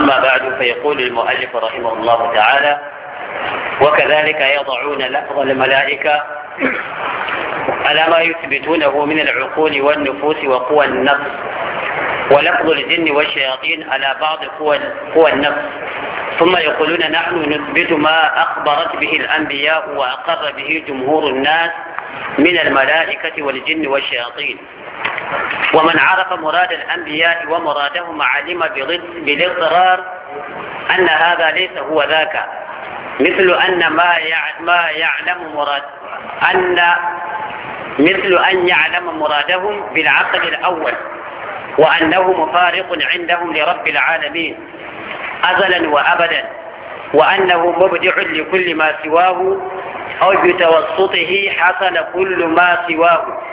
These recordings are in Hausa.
أما بعد فيقول المؤلف رحمه الله تعالى وكذلك يضعون لفظ الملائكة على ما يثبتونه من العقول والنفوس وقوى النفس ولفظ الجن والشياطين على بعض قوى قوى النفس ثم يقولون نحن نثبت ما أخبرت به الأنبياء وأقر به جمهور الناس من الملائكة والجن والشياطين ومن عرف مراد الأنبياء ومرادهم علم بالاضطرار أن هذا ليس هو ذاك مثل أن ما ما يعلم مراد أن مثل أن يعلم مرادهم بالعقل الأول وأنه مفارق عندهم لرب العالمين أزلا وأبدا وأنه مبدع لكل ما سواه أو بتوسطه حصل كل ما سواه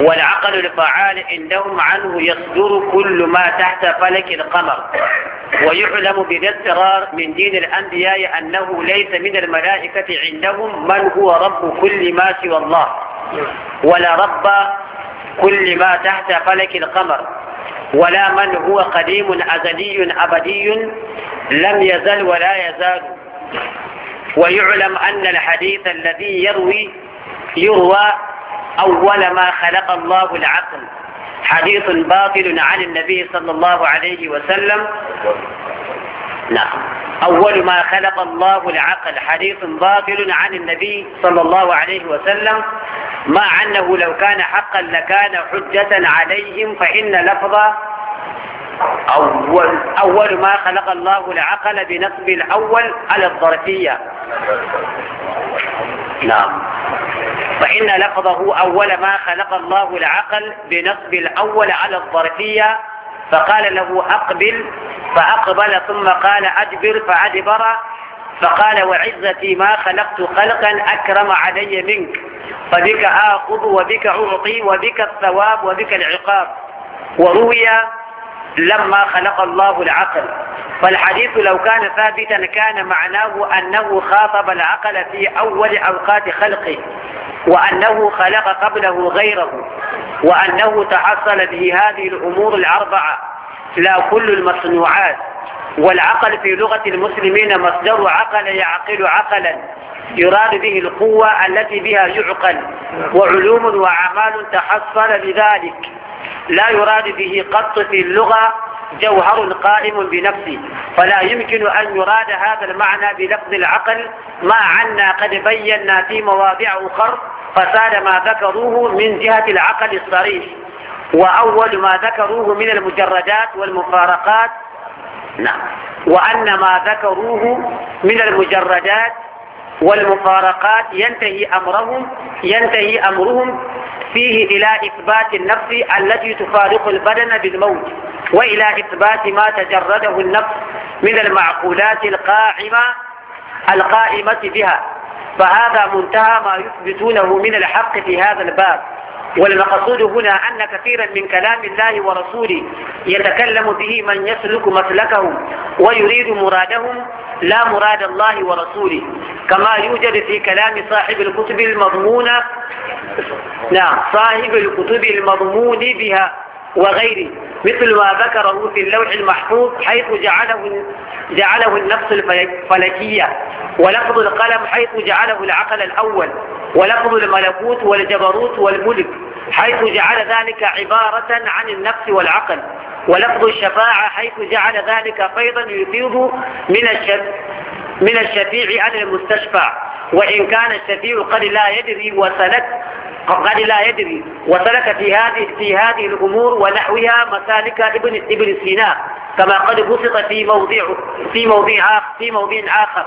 والعقل الفعال عندهم عنه يصدر كل ما تحت فلك القمر ويعلم بذا السرار من دين الأنبياء أنه ليس من الملائكة عندهم من هو رب كل ما سوى الله ولا رب كل ما تحت فلك القمر ولا من هو قديم أزلي أبدي لم يزل ولا يزال ويعلم أن الحديث الذي يروي يروى أول ما خلق الله العقل حديث باطل عن النبي صلى الله عليه وسلم لا نعم. أول ما خلق الله العقل حديث باطل عن النبي صلى الله عليه وسلم ما عنه لو كان حقا لكان حجة عليهم فإن لفظ أول, أول ما خلق الله العقل بنصب الأول على الظرفية نعم فإن لفظه أول ما خلق الله العقل بنصب الأول على الظرفية فقال له أقبل فأقبل ثم قال أجبر فأجبر فقال وعزتي ما خلقت خلقا أكرم علي منك فبك آخذ وبك أعطي وبك الثواب وبك العقاب وروي لما خلق الله العقل فالحديث لو كان ثابتا كان معناه أنه خاطب العقل في أول أوقات خلقه وأنه خلق قبله غيره وأنه تحصل به هذه الأمور الأربعة لا كل المصنوعات والعقل في لغة المسلمين مصدر عقل يعقل عقلا يراد به القوة التي بها يعقل وعلوم وأعمال تحصل بذلك لا يراد به قط في اللغة جوهر قائم بنفسه فلا يمكن أن يراد هذا المعنى بلفظ العقل ما عنا قد بينا في مواضع أخر فساد ما ذكروه من جهة العقل الصريح وأول ما ذكروه من المجردات والمفارقات نعم وأن ما ذكروه من المجردات والمفارقات ينتهي أمرهم ينتهي أمرهم فيه إلى إثبات النفس التي تفارق البدن بالموت وإلى إثبات ما تجرده النفس من المعقولات القائمة القائمة بها فهذا منتهى ما يثبتونه من الحق في هذا الباب والمقصود هنا أن كثيرا من كلام الله ورسوله يتكلم به من يسلك مسلكه ويريد مرادهم لا مراد الله ورسوله كما يوجد في كلام صاحب الكتب المضمونة نعم صاحب الكتب المضمون بها وغيره مثل ما ذكره في اللوح المحفوظ حيث جعله جعله النفس الفلكية ولفظ القلم حيث جعله العقل الأول ولفظ الملكوت والجبروت والملك حيث جعل ذلك عبارة عن النفس والعقل ولفظ الشفاعة حيث جعل ذلك فيضا يفيض من من الشفيع على المستشفع وإن كان الشفيع قد لا يدري وسلك قد لا يدري وسلك في هذه في هذه الأمور ونحوها مسالك ابن ابن سينا كما قد بسط في موضع في موضع في موضع آخر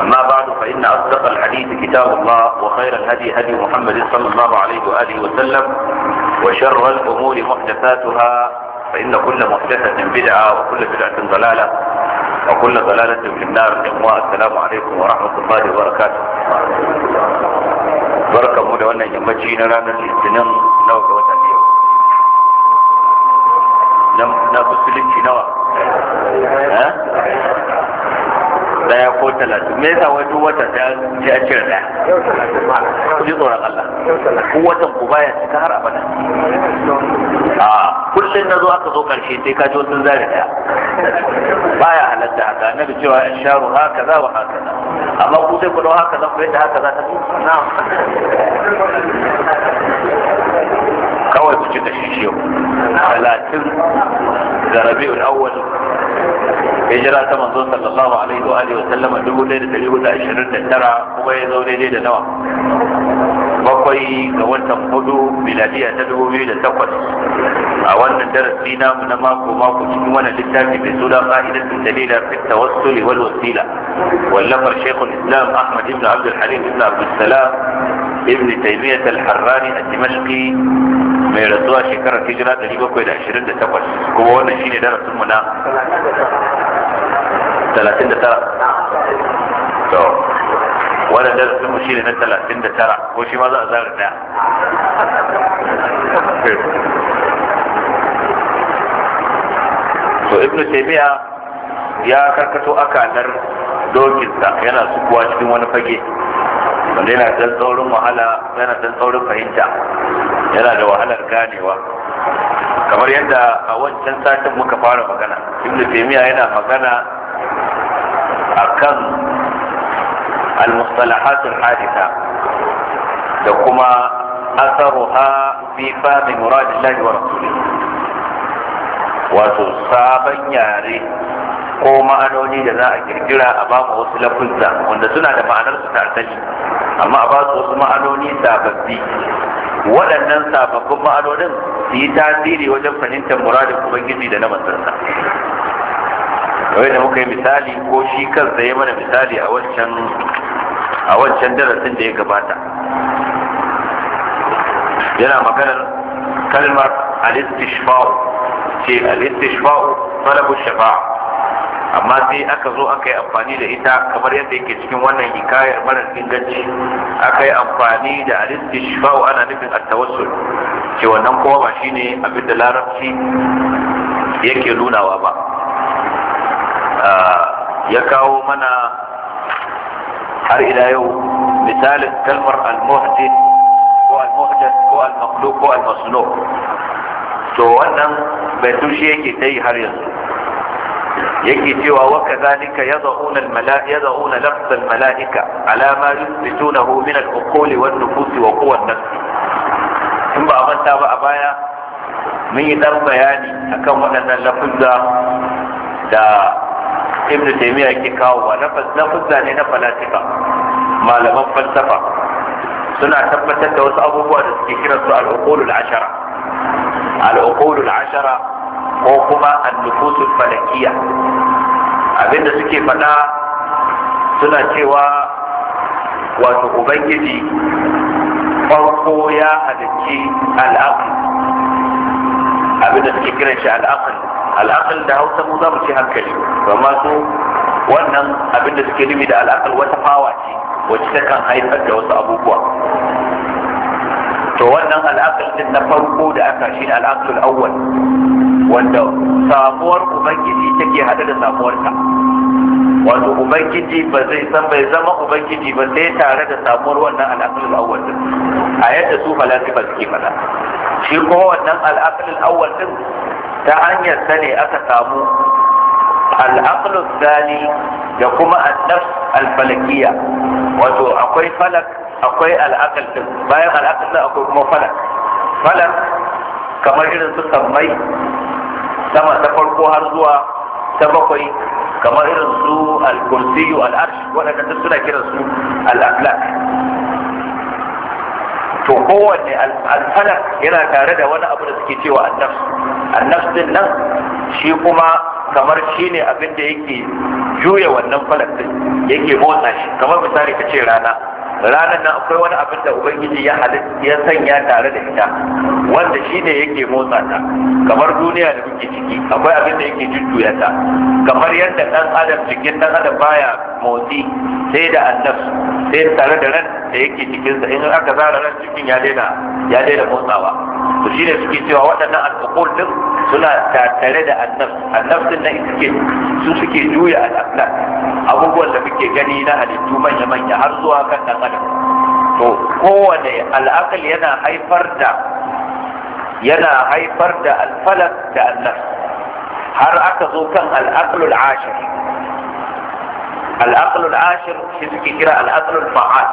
أما بعد فإن أصدق الحديث كتاب الله وخير الهدي هدي محمد صلى الله عليه وآله وسلم وشر الأمور محدثاتها فإن كل محدثة بدعة وكل بدعة ضلالة وكل ضلالة في النار السلام عليكم ورحمة الله وبركاته بركة مولى وانا يمجي نرانا الاستنام نوك وتنبيه نم نابسلين نوى ها daya ko talatin me yasa wai wata ta ce a cire daya ku ji tsoron Allah ku watan ku baya cika har abada a kullum na zo aka zo karshe sai ka ji wasu zari daya baya halatta haka na da cewa in sharu haka za wa haka amma ku sai ku dau haka za ku yadda haka za ta zo kawai ku ci da shi yau talatin ga rabi'ul awwal hijira ta manzo sallallahu alaihi wa alihi wa sallama dubu ɗaya da ɗari hudu ashirin da tara kuma ya zo daidai da nawa bakwai ga watan hudu miladiya ta dubu biyu da takwas a wannan darasi namu na mako mako cikin wannan littafi mai suna fa'idatun dalila fi tawassuli wal wasila wallafar shaykhul islam ahmad ibn abd al halim ibn abd salam ibn taymiyah al harrani al dimashqi mai rasuwa shekarar hijira 728 kuma wannan shine darasin mu na 39 to wannan darasin mu shine na 39 ko shi ma za a zara daya to ibnu taymiya ya karkato akalar dokinsa yana sukuwa cikin wani fage wanda yana ɗan tsaurin wahala yana ɗan tsaurin fahimta yana da wahalar ganewa kamar yadda a wancan satin muka fara magana ibn taymiya yana magana akan al-mustalahat al-haditha da kuma asaruha fi fahmi muradillahi wa rasulihi wato sabon yare ko ma'anoni da za a kirkira a ba mu wasu lafuzza wanda suna da ma'anar su ta amma a ba su wasu ma'anoni sababbi waɗannan sababbin ma'anonin su yi tasiri wajen fahimtar muradin ubangiji da na manzansa da muka yi misali ko shi kansa ya mana misali a wancan a wancan darasin da ya gabata yana maganar kalmar al-istishfa'u ce al-istishfa'u shafa'a amma sai aka zo aka yi amfani da ita kamar yadda yake cikin wannan hikayar marar inganci aka yi amfani da al-istishfa'u ana nufin at-tawassul ce wannan kuma ba shine abin da larabci yake nunawa ba ya kawo mana har ila yau misalin kalmar al ko al ko almaklo ko almasuno to wannan bai tushe yake ta yi har yanzu yake cewa wa kadhalika yad'una al-mala'ika yad'una lafz al-mala'ika ala ma yuthbitunahu min al-uqul wan nufus wa quwwan nafs in ba a manta ba a baya mun yi dan bayani akan waɗannan lafuzza da ibn taymiya yake kawo wa lafuzza ne na falasifa malaman falsafa suna tabbatar da wasu abubuwa da suke kiransu al-uqulul ashara al-uqulul ashara ko kuma annufusul falakiya abinda suke faɗa suna cewa wato ubangiji farko ya halicci al'aql abinda suke kiran shi al'aql al'aql da hausa mu za mu ci hankali amma su wannan abinda suke nufi da al'aql wata fawa ce wacce ta kan haifar da wasu abubuwa to wannan al'aqal din na farko da aka shi al'aqal awwal wanda samuwar ubangiji take hada da samuwarka wato ubangiji ba zai san bai zama ubangiji ba sai tare da samuwar wannan al'aqal awwal din a yadda su falasifa suke fada shi ko wannan al'aqal awwal din ta hanyar sa ne aka samu al'aqal thani da kuma an-nafs al-falakiyya wato akwai falak akwai al'akal din bayan al'akal din akwai kuma falak falak kamar irin su sammai sama ta farko har zuwa ta bakwai kamar irin su al-kursiyu al-arsh waɗanda duk suna kiran su al-aflak to kowanne al-falak yana tare da wani abu da suke cewa an-nafs an-nafs din nan shi kuma kamar shi ne abin da yake juya wannan falak din yake motsa shi kamar misali ka ce rana ranar nan akwai wani abin da ubangiji ya halitta ya sanya tare da ita wanda shi ne yake motsa ta kamar duniya da muke ciki akwai abin da yake jujjuya ta kamar yadda dan adam cikin dan adam baya motsi sai da annas sai tare da ran da yake cikin sa in aka zara ran cikin ya daina ya daina motsawa to shi ne suke cewa waɗannan alƙaƙol din suna tattare da annas annas din nan suke su suke juya al'aqlan abubuwan da muke gani na halittu manya-manya har zuwa kan ɗan adam to kowane al'akal yana haifar da yana haifar da alfalak da annas har aka zo kan al'aqlul ashir al'aqlul ashir shi suke kira al'aqlul fa'al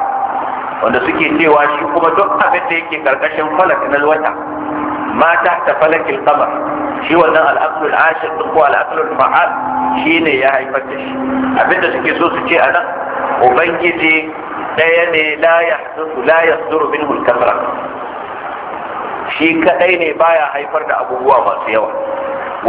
wanda suke cewa shi kuma duk abin da yake karkashin falak na wata ma tahta falakil qamar shi wannan al'aqlul ashir ko al'aqlul fa'al ne ya haifar da shi abinda suke so su ce anan ubangiji daya ne la yahdusu la yasduru minhu al-kasra shi kadai ne baya haifar da abubuwa masu yawa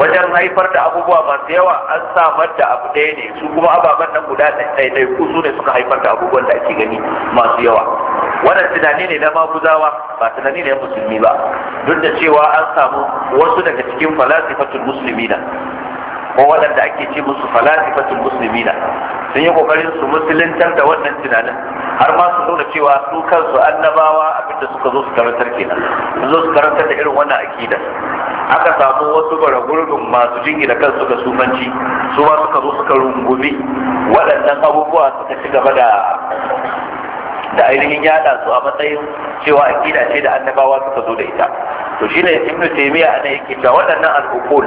wajen haifar da abubuwa masu yawa an samar da abu ɗaya ne su kuma ababen nan guda ɗaiɗai ku su ne suka haifar da abubuwan da ake gani masu yawa wannan tunani ne na maguzawa ba tunani ne na musulmi ba duk da cewa an samu wasu daga cikin falasifatul muslimina ko waɗanda ake ce musu falasifatul muslimina sun yi kokarin su musuluntar da wannan tunanin har ma su nuna cewa su kansu annabawa abinda suka zo su karantar kenan su zo su karantar da irin wannan akida aka samu wasu bara gurbin masu da kansu ga sumanci, su ma suka zo suka rungumi waɗannan abubuwa suka ci gaba da da ainihin yada su a matsayin cewa akida ce da annabawa suka zo da ita to shine ibnu taymiya ana yake da waɗannan al-uqul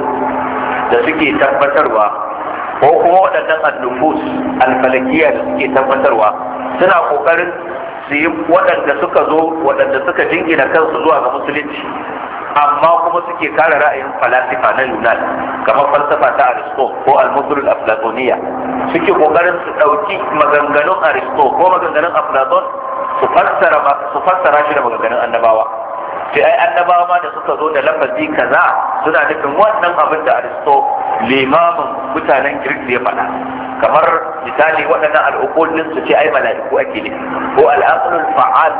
da suke tabbatarwa ko kuma waɗannan al-nufus al-falakiyya da suke tabbatarwa suna kokarin su yi waɗanda suka zo waɗanda suka jingina kansu zuwa ga musulunci amma kuma suke kare ra'ayin falasifa na yunan kamar falsafa ta aristo ko al-musul aflatoniya suke kokarin su dauki maganganun aristo ko maganganun aflaton su fassara shi da maganganun annabawa sai ai annabawa ma da suka zo da lafazi kaza suna nufin wannan abin da aristo limamin mutanen girki ya faɗa kamar misali waɗannan al'ukul din su ce ai mala'iku ake ne ko al'aqlul fa'al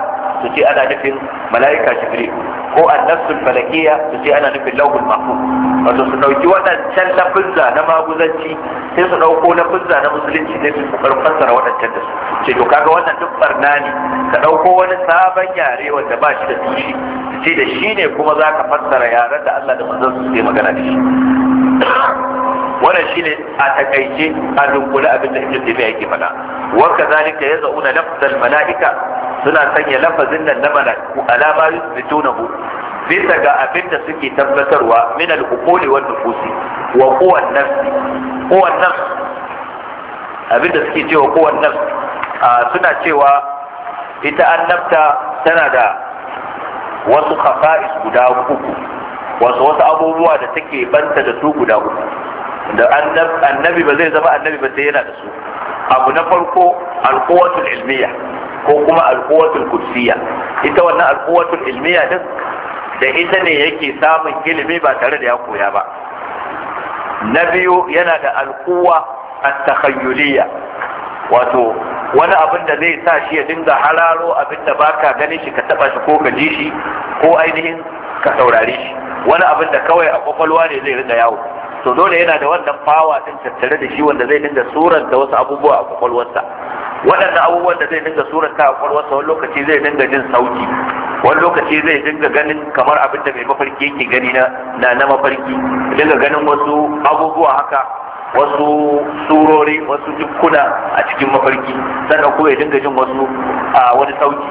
su ce ana nufin mala'ika jibril ko an-nafsul su ce ana nufin lawhul mahfuz wato su dauki waɗancan lafizza na maguzanci sai su dauko lafizza na musulunci sai su kokarin fassara waɗancan da su ce to kaga wannan duk barna ne ka dauko wani sabon yare wanda ba shi da tushe su ce da shi ne kuma za ka fassara yaren da Allah da manzon su sai magana da shi wannan shine a takaice a dunkule abin da ibnu taymiya yake faɗa wa kadhalika yaz'una lafzal malaika suna sanya lafazin nan na malaiku alama yusbitunahu bisa ga abin da suke tabbatarwa min al-uquli wan nufusi wa quwwan nafsi quwwan nafs abin da suke cewa quwwan nafs suna cewa ita annabta tana da wasu khafa'is guda uku wasu wasu abubuwa da take banta da su guda uku da annabi ba zai zama annabi ba sai yana da su abu na farko alkuwatul ilmiya ko kuma alkuwatul kursiya ita wannan alkuwatul ilmiya din da ita ne yake samun ilimi ba tare da ya koya ba na biyu yana da alkuwa a takhayyuliyya wato wani abin da zai sa shi ya dinga hararo abin da baka ganin shi ka taba shi ko ka ji shi ko ainihin ka saurare shi wani abin da kawai a kwakwalwa ne zai ringa yawo to dole yana da wannan fawa din tattare da shi wanda zai dinga da wasu abubuwa a kwakwalwarsa waɗannan abubuwan da zai dinga suranta a kwakwalwarsa wani lokaci zai dinga jin sauki wani lokaci zai dinga ganin kamar abin da mai mafarki yake gani na na mafarki dinga ganin wasu abubuwa haka wasu surori wasu dukkuna a cikin mafarki sannan kuma ya dinga jin wasu a wani sauki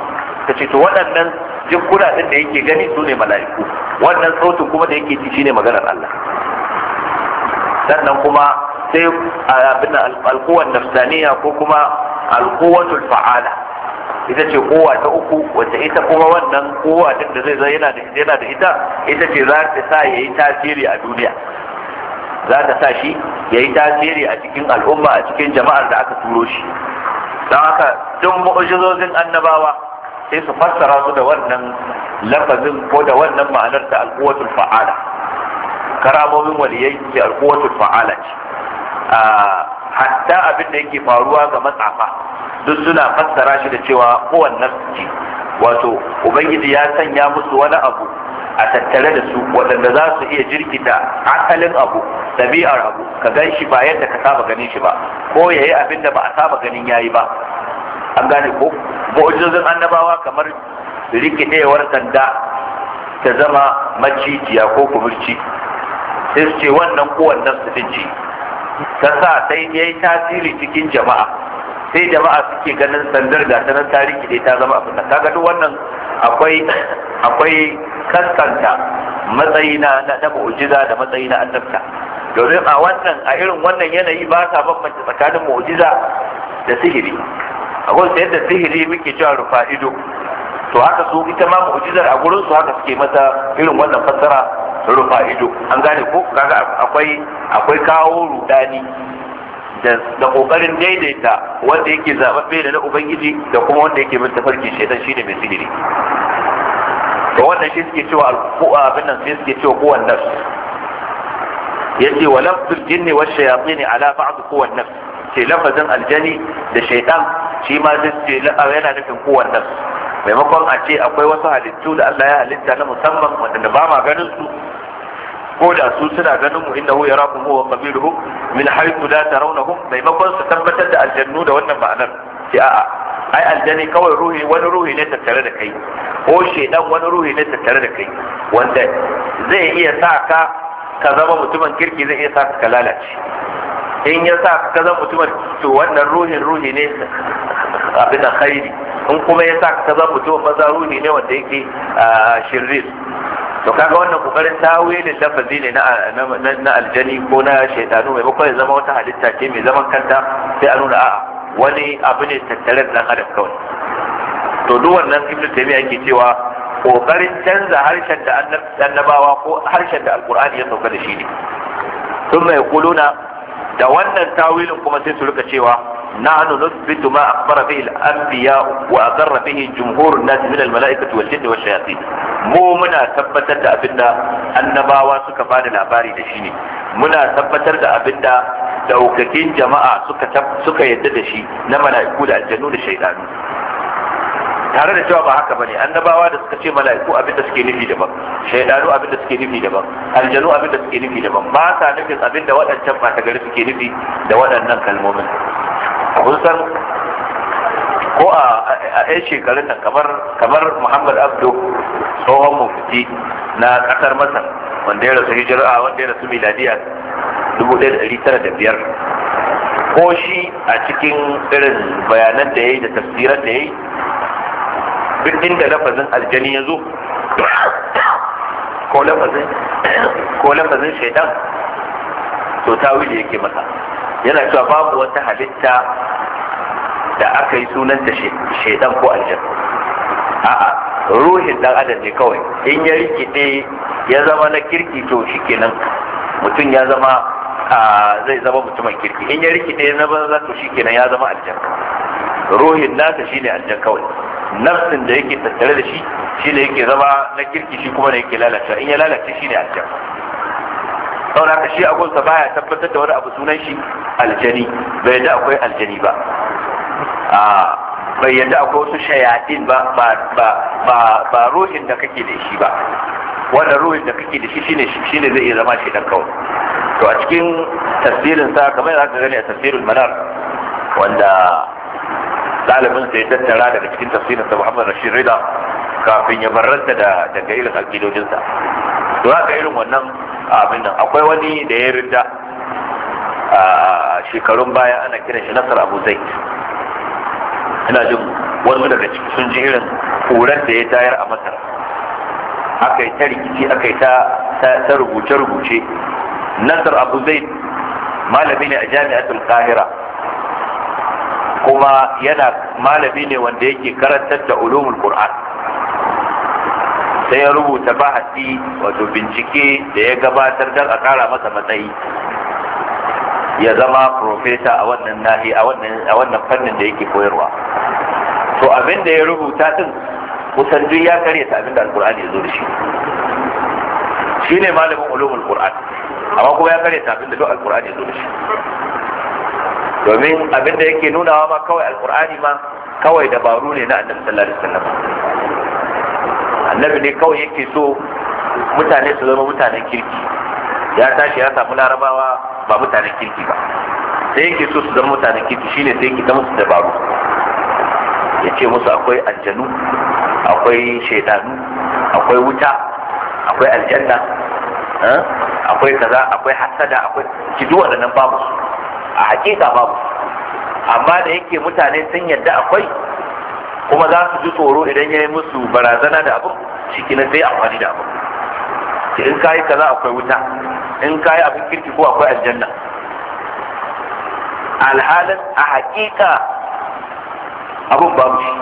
ta ce to waɗannan jikuna ɗin da yake gani su ne mala'iku wannan sautin kuma da yake ci shine maganar Allah sannan kuma sai abin alkuwan nafsaniya ko kuma alkuwatul fa'ala ita ce kowa ta uku wacce ita kuma wannan kowa din da zai zai yana da ita ita ce za ta sa yayi tasiri a duniya za ta sa shi yayi tasiri a cikin al'umma a cikin jama'ar da aka turo shi don haka duk mu'jizozin annabawa sai su fassara su da wannan lafazin ko da wannan ma'anar ta alkuwatul fa'ala karamomin waliyai ke alkuwatul fa'ala ce hatta abin da yake faruwa ga matsafa duk suna fassara shi da cewa kowanne ce wato ubangiji ya sanya musu wani abu a tattare da su waɗanda za su iya jirkita asalin abu ɗabi'ar abu ka gan shi ba yadda ka saba ganin shi ba ko ya yi abin da ba a saba ganin ya yi ba an gane ko mu'ujizin annabawa kamar rikidewar sanda ta zama macijiya ko kumurci sai su ce wannan wannan su fice ta sa sai ya yi tasiri cikin jama'a sai jama'a suke ganin sandar ga ta nan tarihi ne ta zama abin na kaga duk wannan akwai akwai kaskanta matsayi na na mu'jiza da matsayi na annabta domin a wannan a irin wannan yanayi ba sa bambanta tsakanin mu'jiza da sihiri a gwamnati yadda sihiri muke cewa rufa ido to haka su ita ma mu'jizar a gurin su haka suke mata irin wannan fassara rufa ido an gane ko kaga akwai akwai kawo rudani da kokarin daidaita wanda yake zababbe da na ubangiji da kuma wanda yake bin tafarki shaitan shine mai sihiri to wannan shi suke cewa alquwa abin nan sai suke cewa kowan nafs yace wa lafzul jinni wash shayatin ala ba'd kowan nafs ce lafazin aljani da shaitan shi ma sai yana nufin kowan nafs maimakon a ce akwai wasu halittu da Allah ya halitta na musamman waɗanda ba ma ganin su ko da su suna ganin mu innahu yarakum huwa qabiluhu min haythu la tarawnahum maimakon su tabbatar da aljannu da wannan ma'anar sai a'a ai aljani kawai ruhi wani ruhi ne tattare da kai ko shedan wani ruhi ne tattare da kai wanda zai iya sa ka ka zama mutumin kirki zai iya sa ka lalace in ya sa ka zama mutumin to wannan ruhin ruhi ne abin da khairi in kuma ya sa ka zama mutumin maza ruhi ne wanda yake shirri to kaga wannan kokarin da lafazi ne na aljani ko na shaitanu Mai bakwai zama wata halitta ce mai zaman kanta sai a nuna a'a wani abu ne tattare da dan adam kawai to duk wannan ibnu taymiya yake cewa kokarin canza harshen da annabawa ko harshen da alkur'ani ya sauka da shi ne sun mai kuluna da wannan tawilin kuma sai su rika cewa nahnu nuthbitu ma akhbara bihi al-anbiya wa aqarra bihi jumhur an-nas min al-mala'ikati wal jinni wash shayatin mu muna tabbatar da abinda annabawa suka bada labari da shi ne muna tabbatar da abinda daukakin jama'a suka suka yadda da shi na mala'iku da aljannu da shaydanu tare da cewa ba haka bane annabawa da suka ce mala'iku abin da suke nufi daban abin da suke nufi daban aljanu abin da suke nufi daban ba sa nufin da waɗancan ba gari suke nufi da waɗannan kalmomin kun san ko a yan shekarun nan kamar kamar Muhammad Abdu tsohon mufti na ƙasar Masar wanda ya rasu hijira wanda ya rasu miladiya biyar? ko shi a cikin irin bayanan da ya yi da tafsiran da ya yi duk inda lafazin aljani ya zo ko lafazin shaidan to tawili yake masa yana cewa babu wata halitta da aka yi sunan da shaidan ko aljan a'a ruhin dan adam ne kawai in ya rikide ya zama na kirki to shikenan mutum ya zama zai zama mutumin kirki in ya rikide na banza to shikenan ya zama aljan ruhin nasa ne aljan kawai nafsin da yake tattare da shi shi da yake zama na kirki shi kuma da yake lalata in ya lalata shi ne aljan saboda haka shi agunsa baya tabbatar da wani abu sunan shi aljani bai yadda akwai aljani ba a bai yadda akwai wasu shayatin ba ba ba ruhin da kake da shi ba wannan ruhin da kake da shi shine shine zai iya zama shi dan kawai to a cikin tafsirin sa kamar yadda ka gani a tafsirul manar wanda ɗalibin sai tattara daga cikin tafsirinsa, Muhammad Rashid Rida kafin ya barranta da daga irin akidojinsa to haka irin wannan abin nan akwai wani da ya ridda a shekarun baya ana kiran shi Nasar Abu Zaid ina jin wasu daga ciki sun ji irin koran da ya tayar a Masar aka yi ta rikici aka yi ta rubuce-rubuce Nasar Abu Zaid malami ne a jami'atul Qahira kuma yana malami ne wanda yake karantar da ulumul qur'an sai ya rubuta bahasi wato bincike da ya gabatar don a kara masa matsayi ya zama profesa a wannan nahi a wannan fannin da yake koyarwa to abin da ya rubuta din kusan duk ya ta abin da alkur'ani ya zo da shi shine malamin ulumul qur'an amma kuma ya ta abin da duk alkur'ani ya zo da shi domin abinda yake nunawa ma kawai alkur'ani ma kawai dabaru ne na annabi sallallahu alaihi wasallam annabi ne kawai yake so mutane su zama mutanen kirki ya tashi ya samu larabawa ba mutanen kirki ba sai yake so su zama mutanen kirki shine sai yake ta musu dabaru ya ce musu akwai aljanu akwai shaidanu akwai wuta akwai aljanna eh, akwai kaza akwai hasada akwai kiduwa da nan babu su a hakika babu amma da yake mutane sun yadda akwai kuma za su ji tsoro idan ya yi musu barazana da abin ciki na sai amfani da abin ki in kayi kaza akwai wuta in kayi abin kirki ko akwai aljanna alhalin a hakika abin babu shi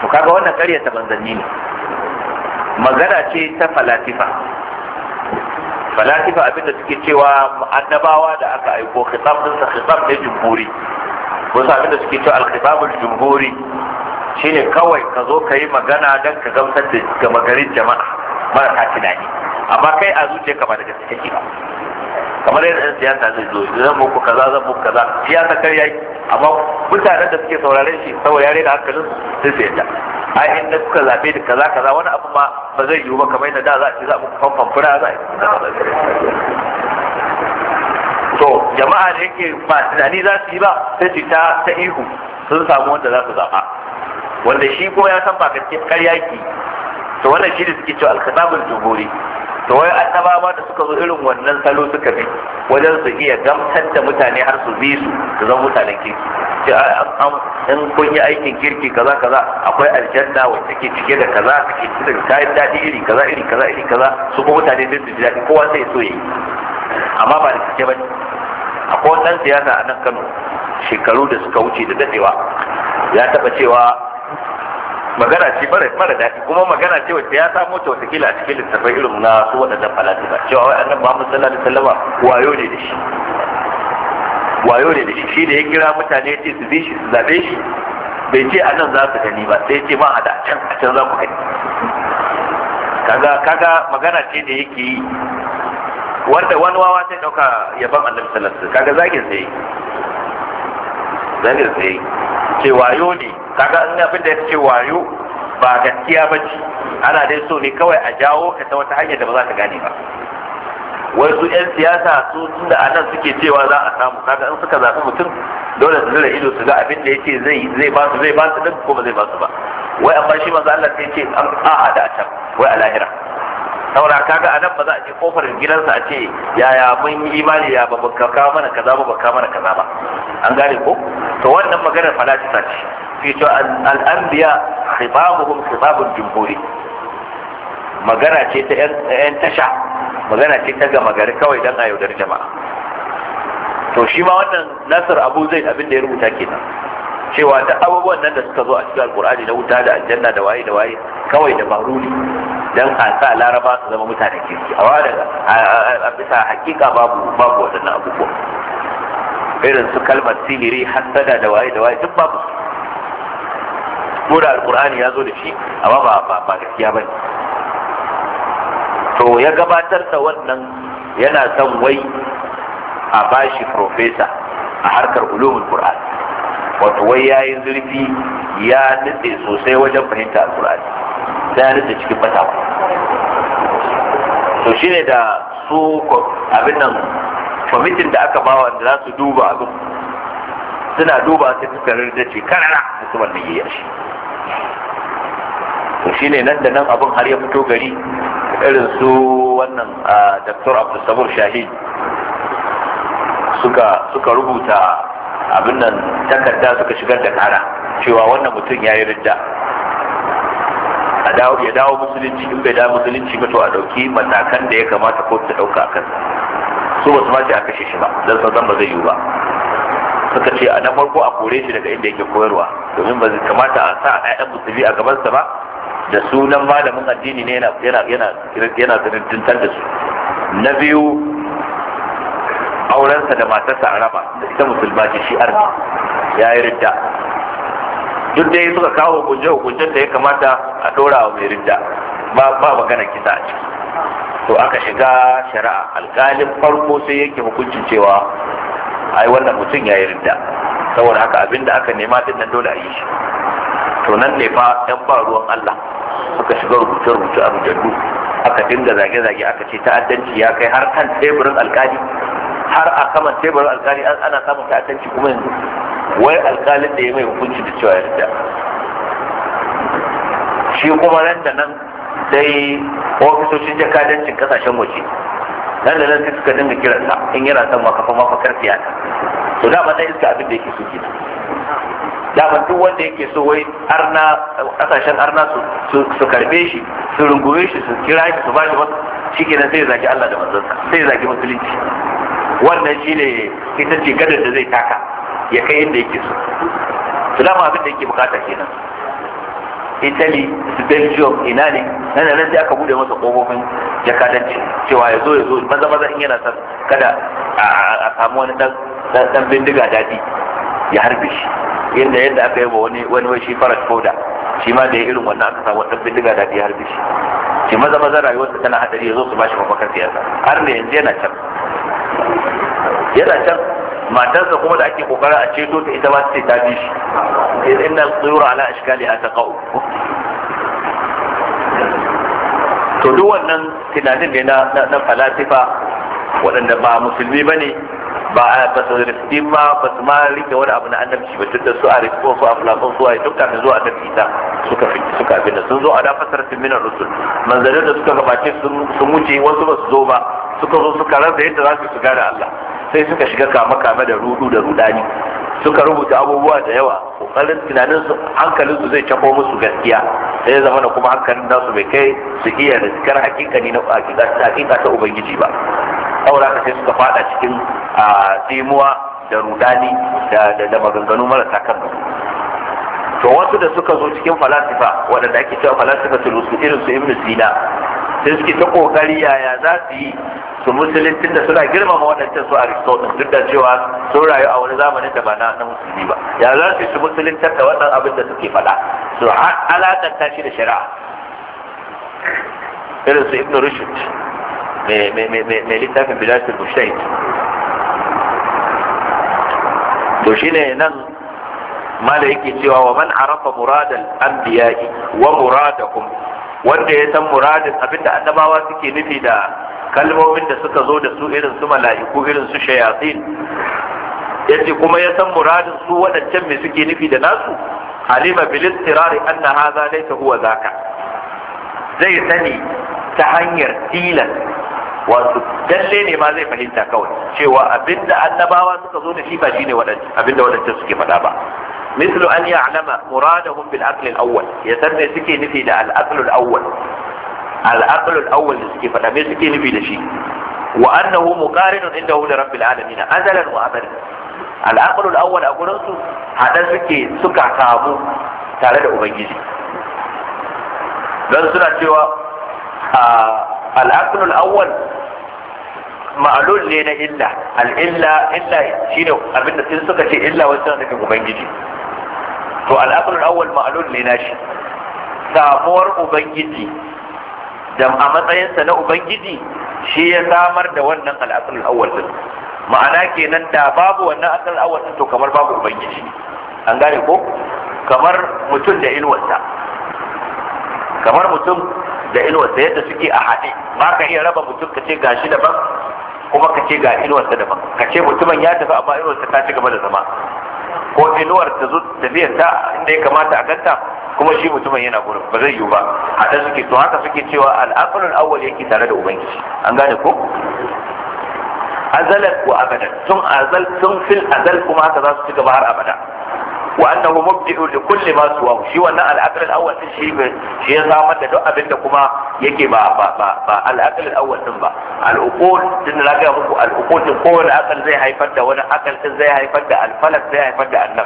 to kaga wannan ƙarya ta manzanni ne magana ce ta falatifa falasifa abinda suke cewa annabawa da aka aiko khitab din sa khitab ne jumhuri wasu abinda suke cewa al al jumhuri shine kawai ka zo ka yi magana don ka gamsar da gama garin jama'a mara ta tunani amma kai a zuciya ka ba da gaske ki ba kamar yadda ɗan siyasa zai zo zan muku kaza zan muku kaza siyasa kar yayi amma mutanen da suke sauraren shi saboda yare da hankalin sai su yadda a inda kuka zabe da kaza kaza wani abu ma ba zai yiwu ba kamar yadda da za a ce za a muku fanfan fura za a yi to jama'a da yake ba tunani za su yi ba sai su ta ta ihu sun samu wanda za su zaba wanda shi ko ya san ba gaske kar ki to wannan shi da suke cewa alkitabul jumhuri to wai annabawa da suka zo irin wannan salo suka bi wajen su iya gamtar da mutane har su bi su su zama mutanen kirki ce in kun yi aikin kirki kaza kaza akwai aljanna wacce ke cike da kaza ke cike da kayan daɗi iri kaza iri kaza iri kaza su kuma mutane duk su ji daɗi kowa sai so yi amma ba da cike ba ne akwai wani ɗan siyasa a nan Kano shekaru da suka wuce da dadewa. ya taɓa cewa magana ce mara daɗi kuma magana ce wacce ya samo ta watakila a cikin littattafai irin na su waɗannan falasifa cewa wai annabi Muhammad sallallahu alaihi wasallam wayo ne da shi wayo ne da shi shi ne ya kira mutane ce su bi shi su zaɓe shi bai ce a nan za su gani ba sai ce ma a da can a can za ku gani kaga kaga magana ce da yake yi wanda wani wawa sai ɗauka yaban annabi sallallahu alaihi wasallam kaga zagin sai zagin sai ce wayo ne kaga an abin da ya ce wayo ba gaskiya ba ce ana dai so ne kawai a jawo ka ta wata hanyar da ba za ka gane ba wai su yan siyasa su tunda a nan suke cewa za a samu kaga in suka zaɓi mutum dole su zira ido su ga abin da yake zai zai ba su zai ba su din ko ba zai ba su ba wai amma shi manzo Allah sai ce an a hada a can wai a lahira saboda kaga anan ba za a je kofar gidansa a ce yaya mun yi imani ya ba ba ka mana kaza ba ba ka mana kaza ba an gane ko to wannan maganar falasifa ce fi to al-anbiya khibabuhum khibabul jumhuri magana ce ta yan tasha magana ce ta gama gari kawai don a yaudar jama'a to shi ma wannan nasir abu zai abin da ya rubuta kenan cewa da abubuwan nan da suka zo a cikin alkur'ani na wuta da aljanna da waye da waye kawai da maruri don a sa laraba su zama mutane kirki a wada a bisa hakika babu babu waɗannan abubuwa irin su kalmar sihiri hasada da waye da waye duk babu su ko da alkur'ani ya zo da shi amma ba ba gaskiya ne to ya gabatar da wannan yana son wai a bashi profesa a harkar ulumul qur'an wato wai yayi zurfi ya nutse sosai wajen fahimta alqur'ani sai ya nutse cikin fatawa to shine da su abin nan kwamitin da aka bawa da za su duba abin suna duba sai suka rirda ce karara mutumin da ya shi to shine nan da nan abin har ya fito gari irin su wannan Dr. Abdulsabur Shahid suka rubuta abin nan takarda suka shigar da kara cewa wannan mutum ya yi ridda ya dawo musulunci in bai dawo musulunci ba to a dauki matakan da ya kamata ko ta dauka a kansa su ba su ma ce a kashe shi ba zan san ba zai yiwu ba suka ce a na farko a kore shi daga inda yake koyarwa domin ba zai kamata a sa a ɗayan musulmi a gabansa ba da sunan malamin addini ne yana yana yana yana tuntuntar da su na biyu aurensa da matarsa raba da ita musulma ce shi arni ya yi ridda duk da suka kawo kunje kunje da ya kamata a dora wa mai ridda ba ba magana kisa a ciki to aka shiga shari'a alkalin farko sai yake hukuncin cewa ai wannan mutum ya yi ridda saboda haka abinda aka nema din nan dole a yi shi to nan ne fa ɗan ba ruwan Allah suka shiga rubuce-rubuce a mujallu aka dinga zage-zage aka ce ta'addanci ya kai har kan teburin alkali har a kama teburin alkali ana samun ta'addanci kuma yanzu wai alkalin da ya mai hukunci da cewa yarda shi kuma nan da nan dai ofisoshin jakadancin kasashen waje nan da nan sai suka dinga kiransa in yana son makafa mafakar fiyata to da ba iska abin da yake so dama duk wanda yake so wai arna kasashen arna su su karbe shi su rungume shi su kira shi su bashi wasu shikenan sai zaki Allah da manzansa sai zaki musulunci wannan shine ita ce gadar da zai taka ya kai inda yake so su dama abin da yake bukata kenan italy su belgium ina ne nan nan sai aka bude masa kofofin jakadanci cewa ya zo ya zo maza maza in yana son kada a samu wani dan bindiga daɗi ya harbe shi yadda yadda aka yi wa wani wani shi farat koda shi ma da irin wannan aka samu ɗan bindiga da biyar harbi shi shi maza maza rayuwarsa tana hadari ya zo su bashi mafakar siyasa har da yanzu yana can yana can matarsa kuma da ake kokara a ceto ta ita ba ce ta bi shi inna tsoro ala ashkali a ta ka'u to duk wannan tunanin ne na falasifa waɗanda ba musulmi ba ne ba ba su rifki ma ba su ma rike wani abu na annabci ba tun da su a rifko su a fulafin su a yi tukka zuwa a isa suka fi suka fi da sun zo a dafasar minar rusul manzanin da suka gabace sun wuce wasu ba su zo ba suka zo suka rasa yadda za su su gane allah sai suka shiga kame-kame da rudu da rudani suka rubuta abubuwa da yawa kokarin tunanin su hankalin su zai cako musu gaskiya sai ya zama da kuma hankalin nasu bai kai su iya hakika hakikani na hakika ta ubangiji ba saboda ka sai suka fada cikin tsimuwa da rudani da maganganu marasa kan to wasu da suka zo cikin falasifa wadanda ake cewa falasifa su irin su ibnu sina sai suke ta kokari yaya za su yi su musulunci da suna girmama waɗancan su aristotle duk da cewa sun rayu a wani zamanin da ba na musulmi ba ya za su yi su musuluntar da wannan abin da suke faɗa su alaƙanta shi da shari'a irin su ibnu rushd mai littafin bilatul mushahid to shi ne nan mala yake cewa wa man arafa muradal anbiya'i wa murada muradakum wanda ya san muradin abinda annabawa suke nufi da kalmomin da suka zo da su irin su mala'iku irin su shayatin yace kuma ya san muradin su waɗancan mai suke nufi da nasu halima bil An anna hadha laysa huwa zaka zai sani ta hanyar tilas wato dalle ne ma zai fahimta kawai cewa abinda annabawa suka zo da shi ba shine wadannan abinda wadannan suke faɗa ba مثل أن يعلم مرادهم بالعقل الأول يسمى سكي نفي العقل الأول العقل الأول سكي فلا سكي نفي لشيء وأنه مقارن عنده لرب العالمين أزلا وأبدا العقل الأول أقول هذا سكي سكع كابو تعالى أبنجي don suna cewa a al'aqlu al-awwal ne na illa al-illa shi shine abinda sun suka ce illa wasu da ubangiji to al'aqlu al-awwal ne na shi samuwar ubangiji da a matsayinsa na ubangiji shi ya samar da wannan al'aqlu al din ma'ana kenan da babu wannan asal awal to kamar babu ubangiji an gane ko kamar mutum da inuwarsa kamar mutum da inuwarsa yadda suke a haɗe ba ka iya raba mutum ka ce gashi daban kuma ka ce ga inuwarsa daban ka ce mutumin ya tafi amma inuwarsa ta ci gaba da zama ko inuwar ta zo tafiyar ta inda ya kamata a ganta kuma shi mutumin yana gurin ba zai yiwu ba haɗe suke to haka suke cewa al'akulun awwal yake tare da ubangiji an gane ko azalat ko abada tun azal tun fil azal kuma haka za su ci gaba har abada wa annahu mubdi'u li kulli ma suwahu shi wannan al-aql shi shi ya da duk abin da kuma yake ba ba ba, ba al-aql al-awwal din ba al na ga muku al-uqul din zai haifar da wani zai haifar da zai haifar da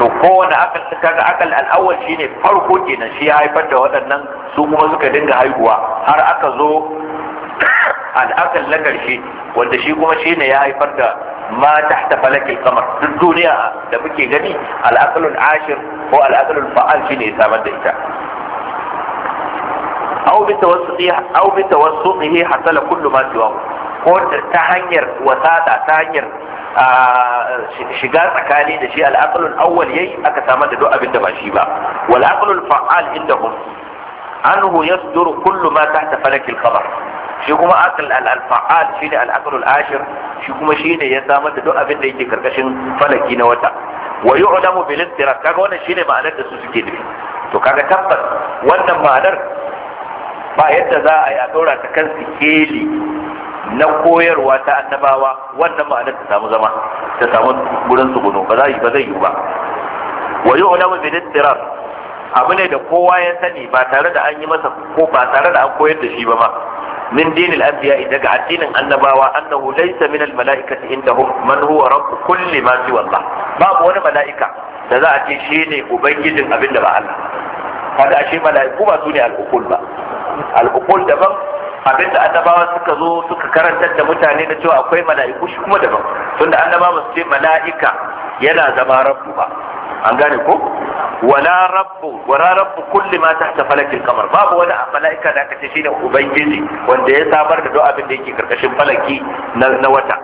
to kowane akal ta kaga akal al'awwal shine farko kenan shi ya haifar da waɗannan su kuma suka dinga haihuwa har aka zo al'akal na ƙarshe wanda shi kuma shine ya haifar da ma tahta falakil qamar duk duniya da muke gani al-aqlul ashir ko al-aqlul fa'al shine samar da ita aw bi tawassuqihi hasala kullu ma siwahu ko ta hanyar ta hanyar shiga tsakani da shi al awwal yayi aka samar da duk da ba shi ba wal aqlul fa'al indahum anhu yasduru kullu ma tahta falakil qamar shi kuma aql al alfa'al shine al aql al ashir shi kuma shi ne ya samar da duk abin da yake karkashin falaki na wata wa yu'lamu bil istirab kaga wannan ne ma'anar da su suke nufi to kaga tabbas wannan ma'anar ba yadda za a yi a daura ta kan sikeli na koyarwa ta annabawa wannan ma'anar ta samu zama ta samu gurin tsuguno ba za yi ba zai yi ba wa yu'lamu bil istirab abu ne da kowa ya sani ba tare da an yi masa ko ba tare da an koyar da shi ba ma min dinil anbiya daga addinin annabawa annahu laysa min al mala'ikati indahum man huwa ma siwa Allah babu wani mala'ika da za a ce shi ne ubangijin abinda ba Allah kaga ashe mala'iku ba su ne ba daban abinda annabawa suka zo suka karantar da mutane da cewa akwai mala'iku shi kuma daban tunda annabawa su ce mala'ika yana zama rabbu ba an gane ko wala rabbu wala rabbu kulli ma tahta falakil qamar babu wani malaika da aka ce shine ubangiji wanda ya sabar da duk abin da yake karkashin falaki na wata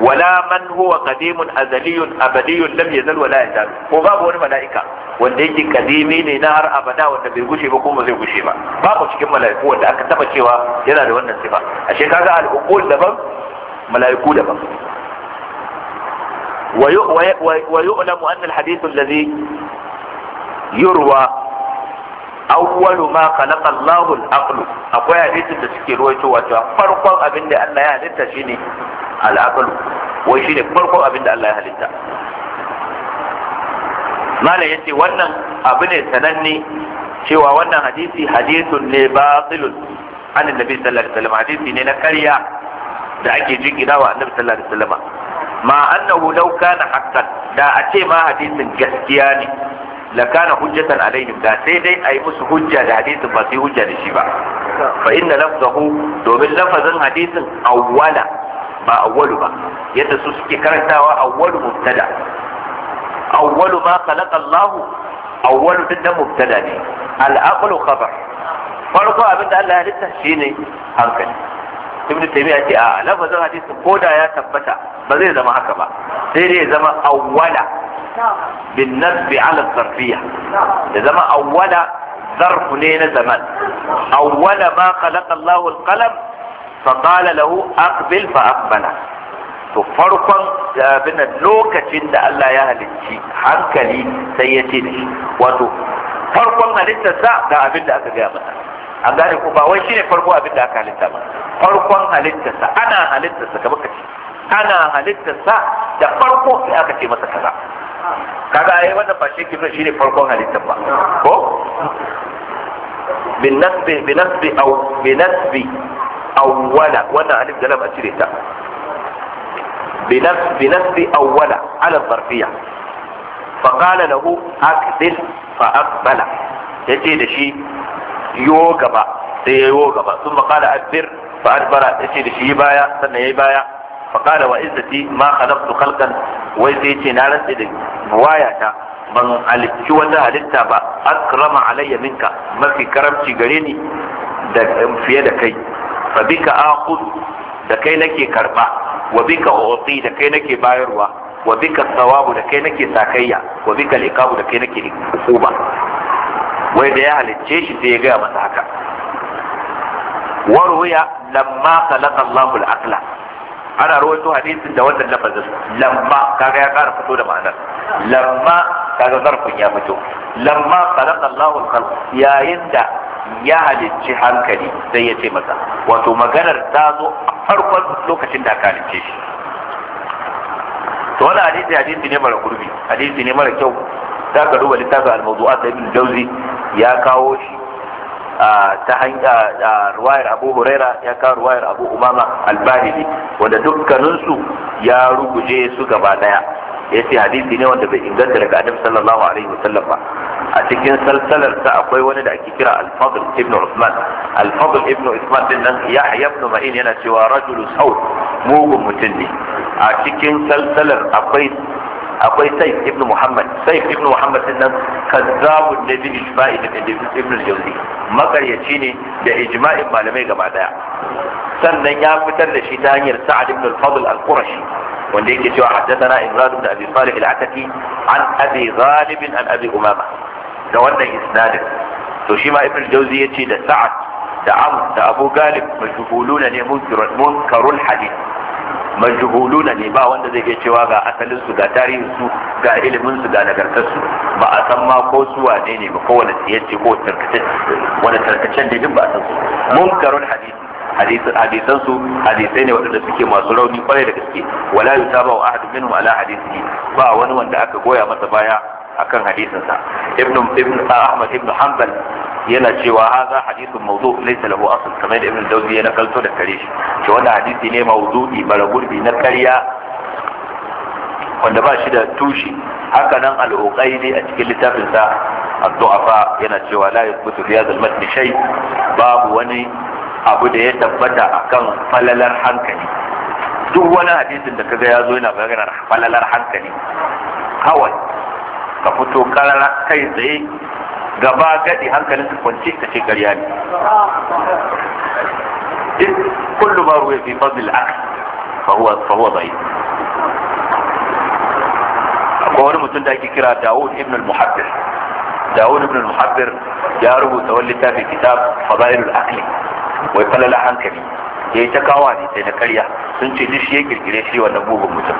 wala man huwa qadimun azaliyun abadiyun lam yazal wala yazal ko babu wani malaika wanda yake kadimi ne na har abada wanda bai gushe ba kuma zai gushe ba babu cikin malaiku wanda aka taba cewa yana da wannan sifa ashe kaga al-uqul daban malaiku daban ويؤلم أن الحديث الذي يروى أول ما خلق الله العقل أقوى حديث تسكير ويتوى فرقا أبن أن يهلت شيني العقل وشيني فرقا أبن أن يهلت ما لا يتي ونن أبن سنني شوى ونن حديثي حديث لباطل عن النبي صلى الله عليه وسلم حديثي لنكريا da ake jingina wa annabi sallallahu alaihi wasallam ma annahu law kana haqqan da a ce ma hadisin gaskiya ne la kana hujjatan alaihim da sai dai ayi musu hujja da hadisin ba sai hujja da shi ba fa inna lafzahu domin lafazin hadisin awwala ba awwalu ba yadda su suke karantawa awwalu mubtada awwalu ma khalaqa Allah awwalu din mubtada ne al-aqlu khabar farko abinda Allah ya halitta shine hankali ibnu taymiya ce a lafazin hadisi ko da ya tabbata ba zai zama haka ba sai dai ya zama awwala bin nasbi ala zarfiya ya zama awwala zarf ne na zaman awwala ma khalaqa Allahu al-qalam fa qala lahu aqbil fa aqbala to farkon eh, abin lokacin da Allah ya halicci hankali sai ya ce wato farkon halittarsa ga abin da aka gaya masa A gane ko ba wai shine farko abin da aka halitta ba farkon halittarsa ana halittarsa kamar ce, ana halittarsa da farko sai aka ce masa kaza kaga ai wannan ba shi shine farkon halittar ba ko bin nasbi bin nasbi aw bin nasbi awwala wannan alif da lam a cire ta بنسب أولى على الظرفية فقال له أكدل فأقبل da shi. yo gaba sai ya yo gaba sun makala adbir fa adbara ya ce da shi baya sannan ya yi baya fa kala wa izzati ma khalaqtu khalqan wai sai ce na rantsa da buwaya ta ban halicci wata halitta ba akrama alayya minka mafi karamci gare ni da fiye da kai fa bika aqudu da kai nake karba wa bika uti da kai nake bayarwa wa bika thawabu da kai nake sakayya wa bika liqabu da kai nake uquba wai da ya halicce shi sai ya gaya masa haka warwaya lamma khalaqa Allahu al-aqla ana rawaito hadisin da wannan lafazin lamma kaga ya kara fito da ma'anar lamma kaga zarfin ya fito lamma khalaqa Allahu al-khalq yayin da ya halicci hankali sai ya ce masa wato maganar ta zo a farkon lokacin da aka halicce shi to wannan hadisi hadisi ne mara gurbi hadisi ne mara kyau za ka duba littafin al-mawdu'at da ibn Jawzi ya kawo shi ta hanya ruwayar abu huraira ya kawo ruwayar abu umama albahili wanda dukkaninsu ya ruguje su gaba daya ya ce hadisi ne wanda bai inganta daga annabi sallallahu alaihi wasallam ba a cikin salsalar ta akwai wani da ake kira al-fadl ibn usman al-fadl ibn usman din nan ya yahya ibn ma'in yana cewa rajulu saud mugun mutum ne a cikin salsalar akwai akwai saif ibn muhammad saif ibn muhammad din nan kazzabun ne bi ijma'i da ibn al-jawzi makaryaci ne da ijma'in malamai gaba daya sannan ya fitar da shi ta hanyar sa'ad ibn al-fadl al-qurashi wanda yake cewa haddathana imran ibn abi salih al-ataki an abi ghalib an abi umama da wannan isnadin to shi ma ibn Jauzi jawzi yace da sa'ad da am da abu galib majhuluna ne munkarul hadith majhuluna ne ba wanda zai iya cewa ga asalin su ga tarihin su ga ilimin su ga nagartar su ba a san ma ko su wane ne ba ko wani tsiyace ko tarkace, wani tarkace da ba a san su munkarun hadisi hadisan su hadisai ne waɗanda suke masu rauni kwarai da gaske wala yutaba wa ahadun minhum ala hadisi ba wani wanda aka goya masa baya akan hadisinsa ibn ibnu ahmad ibnu hanbal yana cewa haza hadithun mawdu laysa lahu asl kamar da ibn dawzi ya nakalto da kare shi to wannan hadisi ne mawdu'i baragurbi na ƙarya wanda ba shi da tushi haka nan al-uqaidi a cikin littafin sa ad-du'afa yana cewa la yuthbutu fi hadha al-matn shay babu wani abu da ya tabbata akan falalar hankali duk wani hadisin da kaga ya zo yana maganar falalar hankali kawai ka fito karara kai tsaye gaba gadi hankalin su kwance ka ce ƙarya ne duk kullu ma ruwa fi fadil ak fa huwa fa huwa dai akwai wani mutum da ake kira Dawud ibn al-Muhabbir Dawud ibn al-Muhabbir ya rubuta wani littafi kitab fadailul aqli wai falala hankali yayi ta kawa ne sai na karya sun ce duk shi ya kirkire shi wannan bugun mutum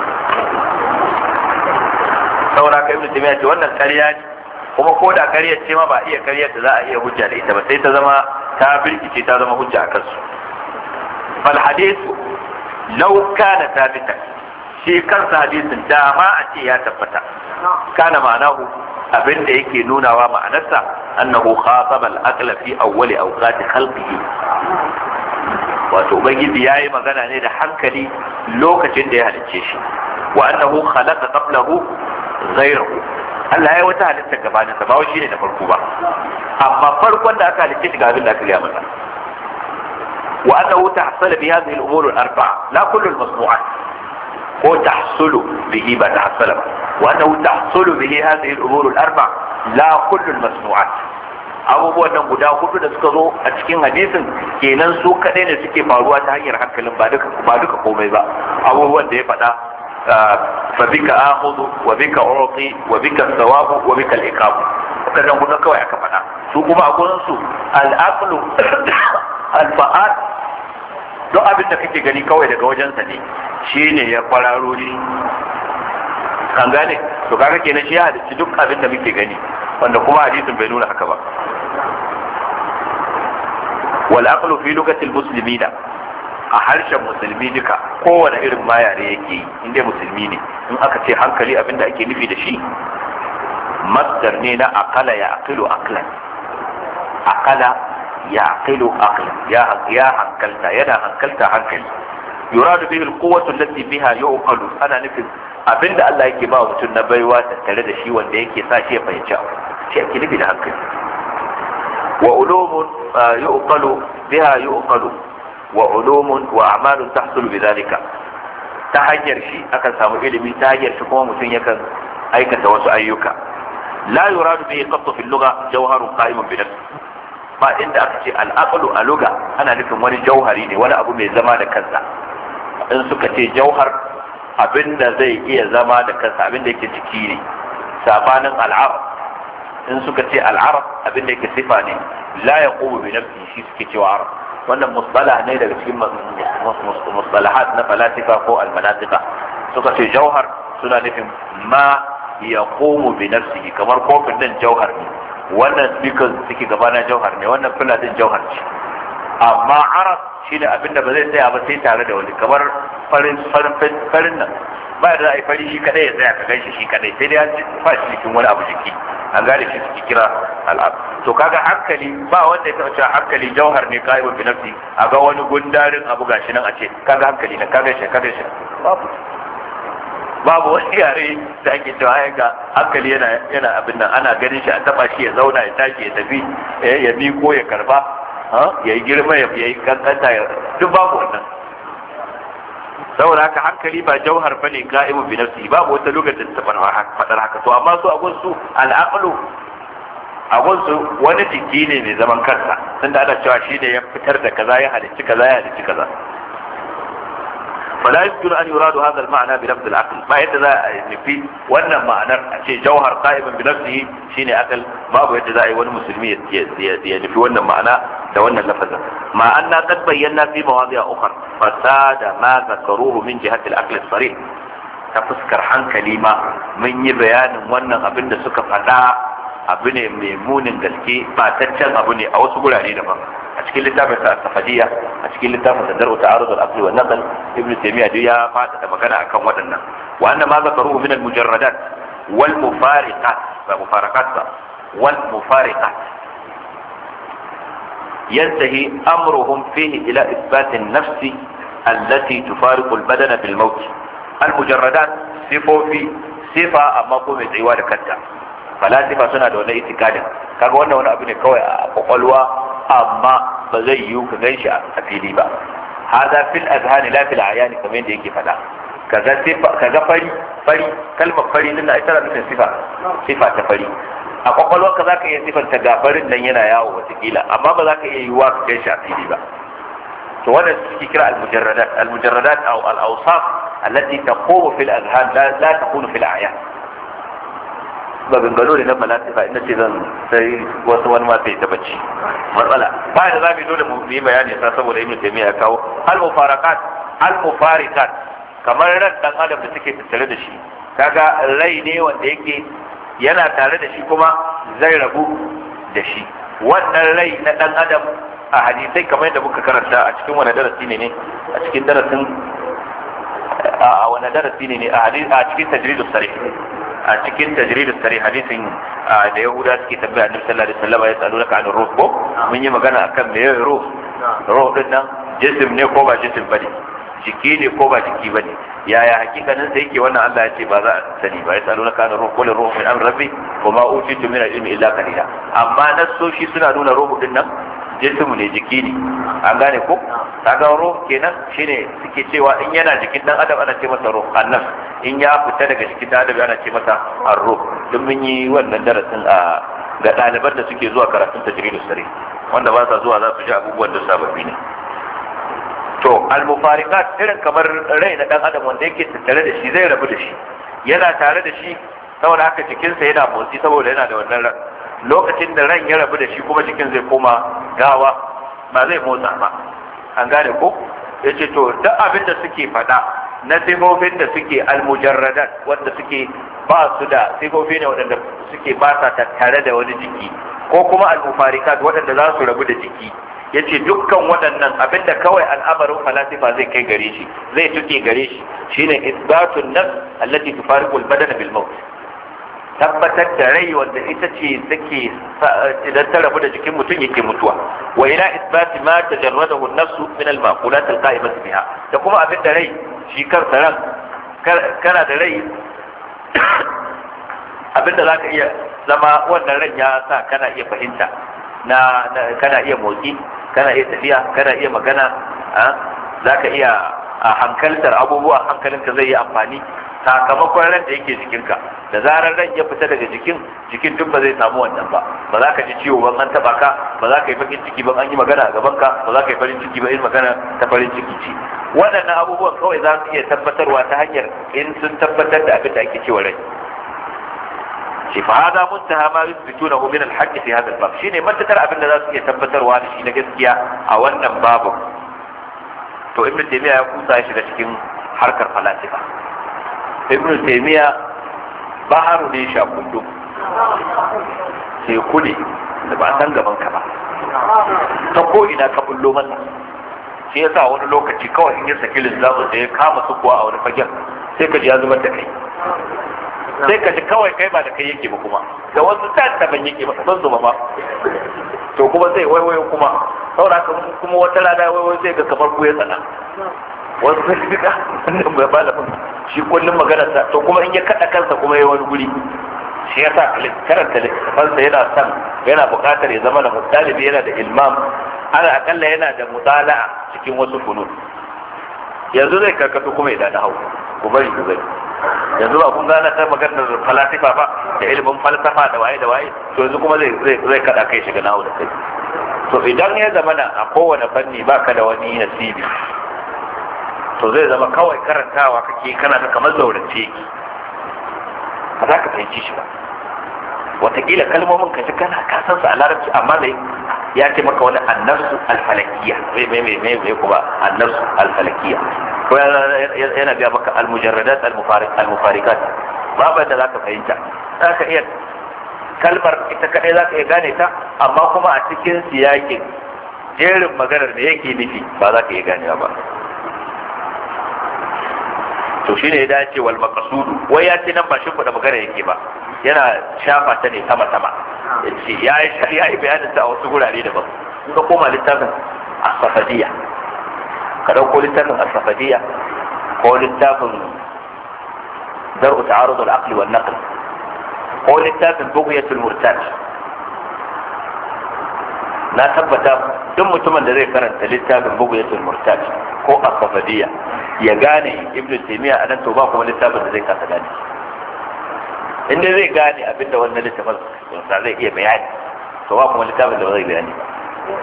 saboda kai mutum ya ce wannan karya ne kuma ko da karyar ce ma ba iya karyar da za a iya hujja da ita ba sai ta zama ta birkice ta zama hujja a kansu fal Hadisu law kana thabita shi kansa hadisin da ma a ce ya tabbata kana ma'anahu abin da yake nunawa ma'anarsa annahu khataba al-aqla fi awwali awqati khalqihi wato ubangiji yi magana ne da hankali lokacin da ya halicce shi wa annahu khalaqa qablahu ghayrahu Allah ya wata halitta gabanin sa ba wai shine da farko ba amma farkon da aka halitta shi ga abin da aka liya masa wa annahu tahsala bi hadhihi al-umur al-arba'a la kullu al-masnu'at ko tahsulu bihi ba tahsala ba wa annahu tahsulu bihi hadhihi al-umur al-arba'a la kullu al-masnu'at abubuwan nan guda hudu da suka zo a cikin hadisin kenan su kadai ne suke faruwa ta hanyar hankalin ba duka ba duka komai ba abubuwan da ya faɗa fa bika akhudhu wa bika urqi wa bika thawabu wa bika al-iqab kadan guda kawai aka faɗa su kuma a gurin su al-aqlu al-fa'al duk abin da kake gani kawai daga wajen wajensa ne shine ya kwararo shi kan gane to kaga kenan shi ya halicci duk abin da muke gani wanda kuma hadisin bai nuna haka ba wal aqlu fi lugatil muslimina a harshen musulmi duka kowane irin ma yare yake yi inda musulmi ne in aka ce hankali abinda ake nufi da shi masdar ne na akala ya akilu aklan akala ya akilu aklan ya hankalta yana hankalta hankali yuradu bihi alquwwatu allati biha yuqalu ana nufin abinda Allah yake ba mutum na baiwa tattare da shi wanda yake sa shi ya fahimci shi ake nufi da hankali wa ulumun ah, yuqalu biha yuqalu wa ulumun wa a'malun tahsul bidhalika ta hanyar shi akan samu ilimi ta hanyar shi kuma mutum yakan aikata wasu ayyuka la yuradu bihi qattu fil lugha jawharun qa'imun ba inda aka ce al a lugha ana nufin wani jauhari ne wani abu mai zama da kansa in suka ce jauhar abinda zai iya zama da kansa abinda yake ciki ne sabanin al'arab in suka sifa ne la shi suke wannan musbala ne daga cikin musbalahat na falatika ko almanatika suka ce jauhar suna nufin ma ya komo bi nafsihi kamar kofin din jauhar ne wannan speaker suke gabana jauhar ne wannan fila din jauhar ce amma arab shi ne abinda ba zai tsaya ba sai tare da wani kamar farin farin farin nan ba da ai fari shi kadai ya tsaya ka ganshi shi kadai sai dai an fa shi cikin wani abu jiki an gane shi cikin kira al'ab to kaga hankali ba wanda ya taɓa hankali jauhar ne kai bi nafsi a ga wani gundarin abu gashi nan a ce kaga hankali na kaga shi kaga shi babu babu wani yare da ake cewa ya ga hankali yana yana abin nan ana ganin shi a taba shi ya zauna ya tashi ya tafi eh, ya miko ya karba ya yi girma ya yi kankanta ya duk babu wannan saboda haka hankali ba jauhar bane qa'imu bi nafsi babu wata lokacin ta fadar haka to amma su agun su al'aqlu agun su wani jiki ne mai zaman kansa tunda ana cewa shi ne ya fitar da kaza ya halicci kaza ya halicci kaza فلا يمكن أن يراد هذا المعنى بنفس العقل ما يتذا في وانا معنى شيء جوهر قائما بنفسه شين أكل ما هو يتذا أي مسلمي ينفي وانا معنى لوانا لفظة مع أن قد بينا في مواضيع أخرى فساد ما ذكروه من جهة العقل الصريح تفسكر عن كلمة من يبيان وانا أبن سكفتا abu ne mai munin gaske ba taccen abu ne a wasu gurare daban a cikin littafin sa safadiya a cikin littafin sadar wa ta'arud al-aqli wa naql ibn taymiya duk ya fada da magana akan waɗannan wa anna ma zakaru min al-mujarradat wal mufariqat ba mufariqat ba wal mufariqat yantahi amruhum fihi ila ithbat an nafs allati tufariq al badan bil إثبات al mujarradat sifofi sifa amma ko mai في da kanta falasifa suna da wani itikadin kaga wannan wani abu ne kawai a kwakwalwa amma ba zai yiwu ka gan shi a fili ba hada fil azhani la fil ayani kamar yadda yake faɗa kaga fari fari kalmar fari din na ita nufin sifa sifa ta fari a kwakwalwarka za ka iya ta gafarin nan yana yawo watakila amma ba za ka iya yiwuwa ka gan shi a fili ba to wannan suke kira al-mujarradat al-mujarradat aw al-awsaf allati taqumu fil azhan la la taqulu fil maganganu ne na falasifa inda ce zan sai wasu wani ma sai ta bacci matsala ba da za mu dole mu yi bayani sa saboda ibnu taymiya kawo al mufarakat al mufarikat kamar ran dan adam da suke tattare da shi kaga rai ne wanda yake yana tare da shi kuma zai rabu da shi wannan rai na dan adam a hadisai kamar yadda muka karanta a cikin wani darasi ne ne a cikin darasin a wani darasi ne ne a cikin tajridus sarih a cikin tajridus sari hadisin da yahuda suke tambaya annabi sallallahu alaihi wasallam ya tsalo ka an ruh ko mun yi magana akan me yayin ruh ruh din nan jisim ne ko ba jisim bane jiki ne ko ba jiki bane yaya hakikanin sa yake wannan Allah ya ce ba za a sani ba ya tsalo ka an ruh ko ruh min amri rabbi wa ma utitu min al-ilmi illa qalila amma nasoshi suna nuna ruh din nan mu ne jiki ne an gane ko ga ruh kenan shine suke cewa in yana jikin dan adam ana ce masa ruh annas in ya fita daga jikin dan adam ana ce masa ar-ruh mun yi wannan darasin a ga ɗaliban da suke zuwa karatun tajridus sari wanda ba sa zuwa za su ji abubuwan da sababbi ne to al irin kamar rai na dan adam wanda yake tattare da shi zai rabu da shi yana tare da shi saboda haka jikinsa yana motsi saboda yana da wannan ran lokacin da ran ya rabu da shi kuma cikin zai koma gawa ba zai motsa ba an gane ko ya ce to da abinda suke faɗa na sifofin da suke almujarradat wanda suke ba su da sifofi ne waɗanda suke ba sa tattare da wani jiki ko kuma almufarikat waɗanda za su rabu da jiki ya ce dukkan waɗannan abinda kawai al'amarin falasifa zai kai gare shi zai tuke gare shi shine isbatun nafs allati tufariqu al-badana bil maut tabbatar da rai wanda ita ce take idan ta rabu da jikin mutum yake mutuwa wa ila isbati ma tajarradahu an-nafsu min al-maqulat al-qa'imati biha da kuma abin da rai shi kansa ran kana da rai abin da zaka iya zama wannan ran ya sa kana iya fahimta na kana iya motsi kana iya tafiya kana iya magana ah, zaka iya a ah, hankaltar abubuwa hankalinka zai yi amfani sakamakon ran da yake jikinka da zarar ran ya fita daga jikin jikin duk ba zai samu wannan ba ba za ka ji ciwo ban an taba ka ba za ka yi farin ciki ban an yi magana a gaban ka ba za ka yi farin ciki ba in magana ta farin ciki ce waɗannan abubuwan kawai za su iya tabbatarwa ta hanyar in sun tabbatar da abin da ake cewa rai shi fa hada muntaha ma yusbituna min al-haqqi fi hadha al-bab shine matakar abin da za su iya tabbatarwa da shi na gaskiya a wannan babu to ibnu taymiya ya kusa shi da cikin harkar falasifa ibn ba baharu ne shakundu sai ne da ba san gaban ka ba ta ko ina ka bullo masa shi yasa wani lokaci kawai in ya saki lissafi da ya kama su kuwa a wani fagen sai ka ji ya zubar da kai sai ka ji kawai kai ba da kai yake ba kuma da wasu ta taban yake ba ban zuba ba to kuma sai waiwayo kuma saboda haka kuma wata rana waiwayo sai ga kamar ku ya tsana wasu sun bida wannan da malamin shi kullum maganarsa to kuma in ya kaɗa kansa kuma ya wani guri shi ya sa karanta littafansa yana san yana buƙatar ya zama da mutalibi yana da ilmam ana akalla yana da a cikin wasu funun yanzu zai karkatu kuma ya dada hau ku bari ku gani yanzu ba kun gane ta maganar falasifa ba da ilimin falsafa da waye da waye to yanzu kuma zai zai kada kai shiga nawo da kai to idan ya zama na a kowane fanni baka da wani nasibi to zai zama kawai karantawa kake kana ga kamar zaurace ba za ka fahimci shi ba watakila kalmomin ka kana kasan su a larabci amma da ya ce maka wani annarsu alfalakiya mai mai mai mai mai kuma annarsu alfalakiya ko yana biya maka almujarradat almufarikat babu da za ka fahimta za ka iya kalmar ita kaɗai za ka iya gane ta amma kuma a cikin siyakin jerin maganar da yake nufi ba za ka iya ganewa ba to shine ya dace wal maqsud wai ya ce nan ba da magana yake ba yana shafa ta ne sama sama yace ya yi ya yi bayanin ta a wasu gurare daban in ka koma littafin as-safadiyya ka dauko littafin as ko littafin ta'arud al-aql wal naql ko littafin bugiyatul murtad na tabbata duk mutumin da zai karanta littafin bugu bughyatul murtad ko a asfafadiya ya gane ibnu taymiya anan to ba kuma littafin da zai kasa gane inda zai gane abinda wannan littafin sa zai iya bayani to ba kuma littafin da zai bayani ba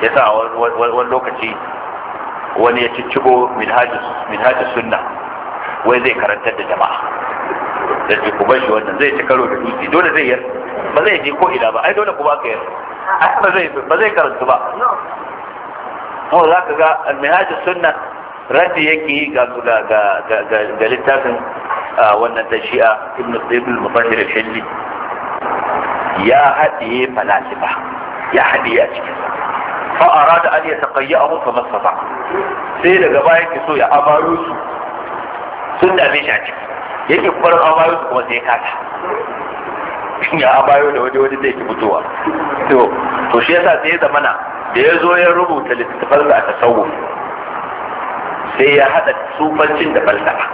yasa wani lokaci wani ya ciccigo minhajus sunna wai zai karantar da jama'a da ku bar shi wannan zai ci karo da dutse dole zai yar ba zai je ko ina ba ai dole ku ba ka yar ba zai ba zai karantu ba mu za ka ga almihajin sunna raddi yake yi ga ga littafin wannan da shi'a ibn ibn mufahir shilli ya hadiye falasifa ya hadiye a cikin fa arada an taƙayya a yataqayyahu fa masata sai daga baya ki so ya amaro su sun dame shi a ciki yake kwarin amaro su kuma sai ya kata ya abayo da waje waje zai ki fitowa to to shi yasa sai ya zamana da ya zo ya rubuta littattafan da aka sauwa sai ya haɗa sufancin da falsafa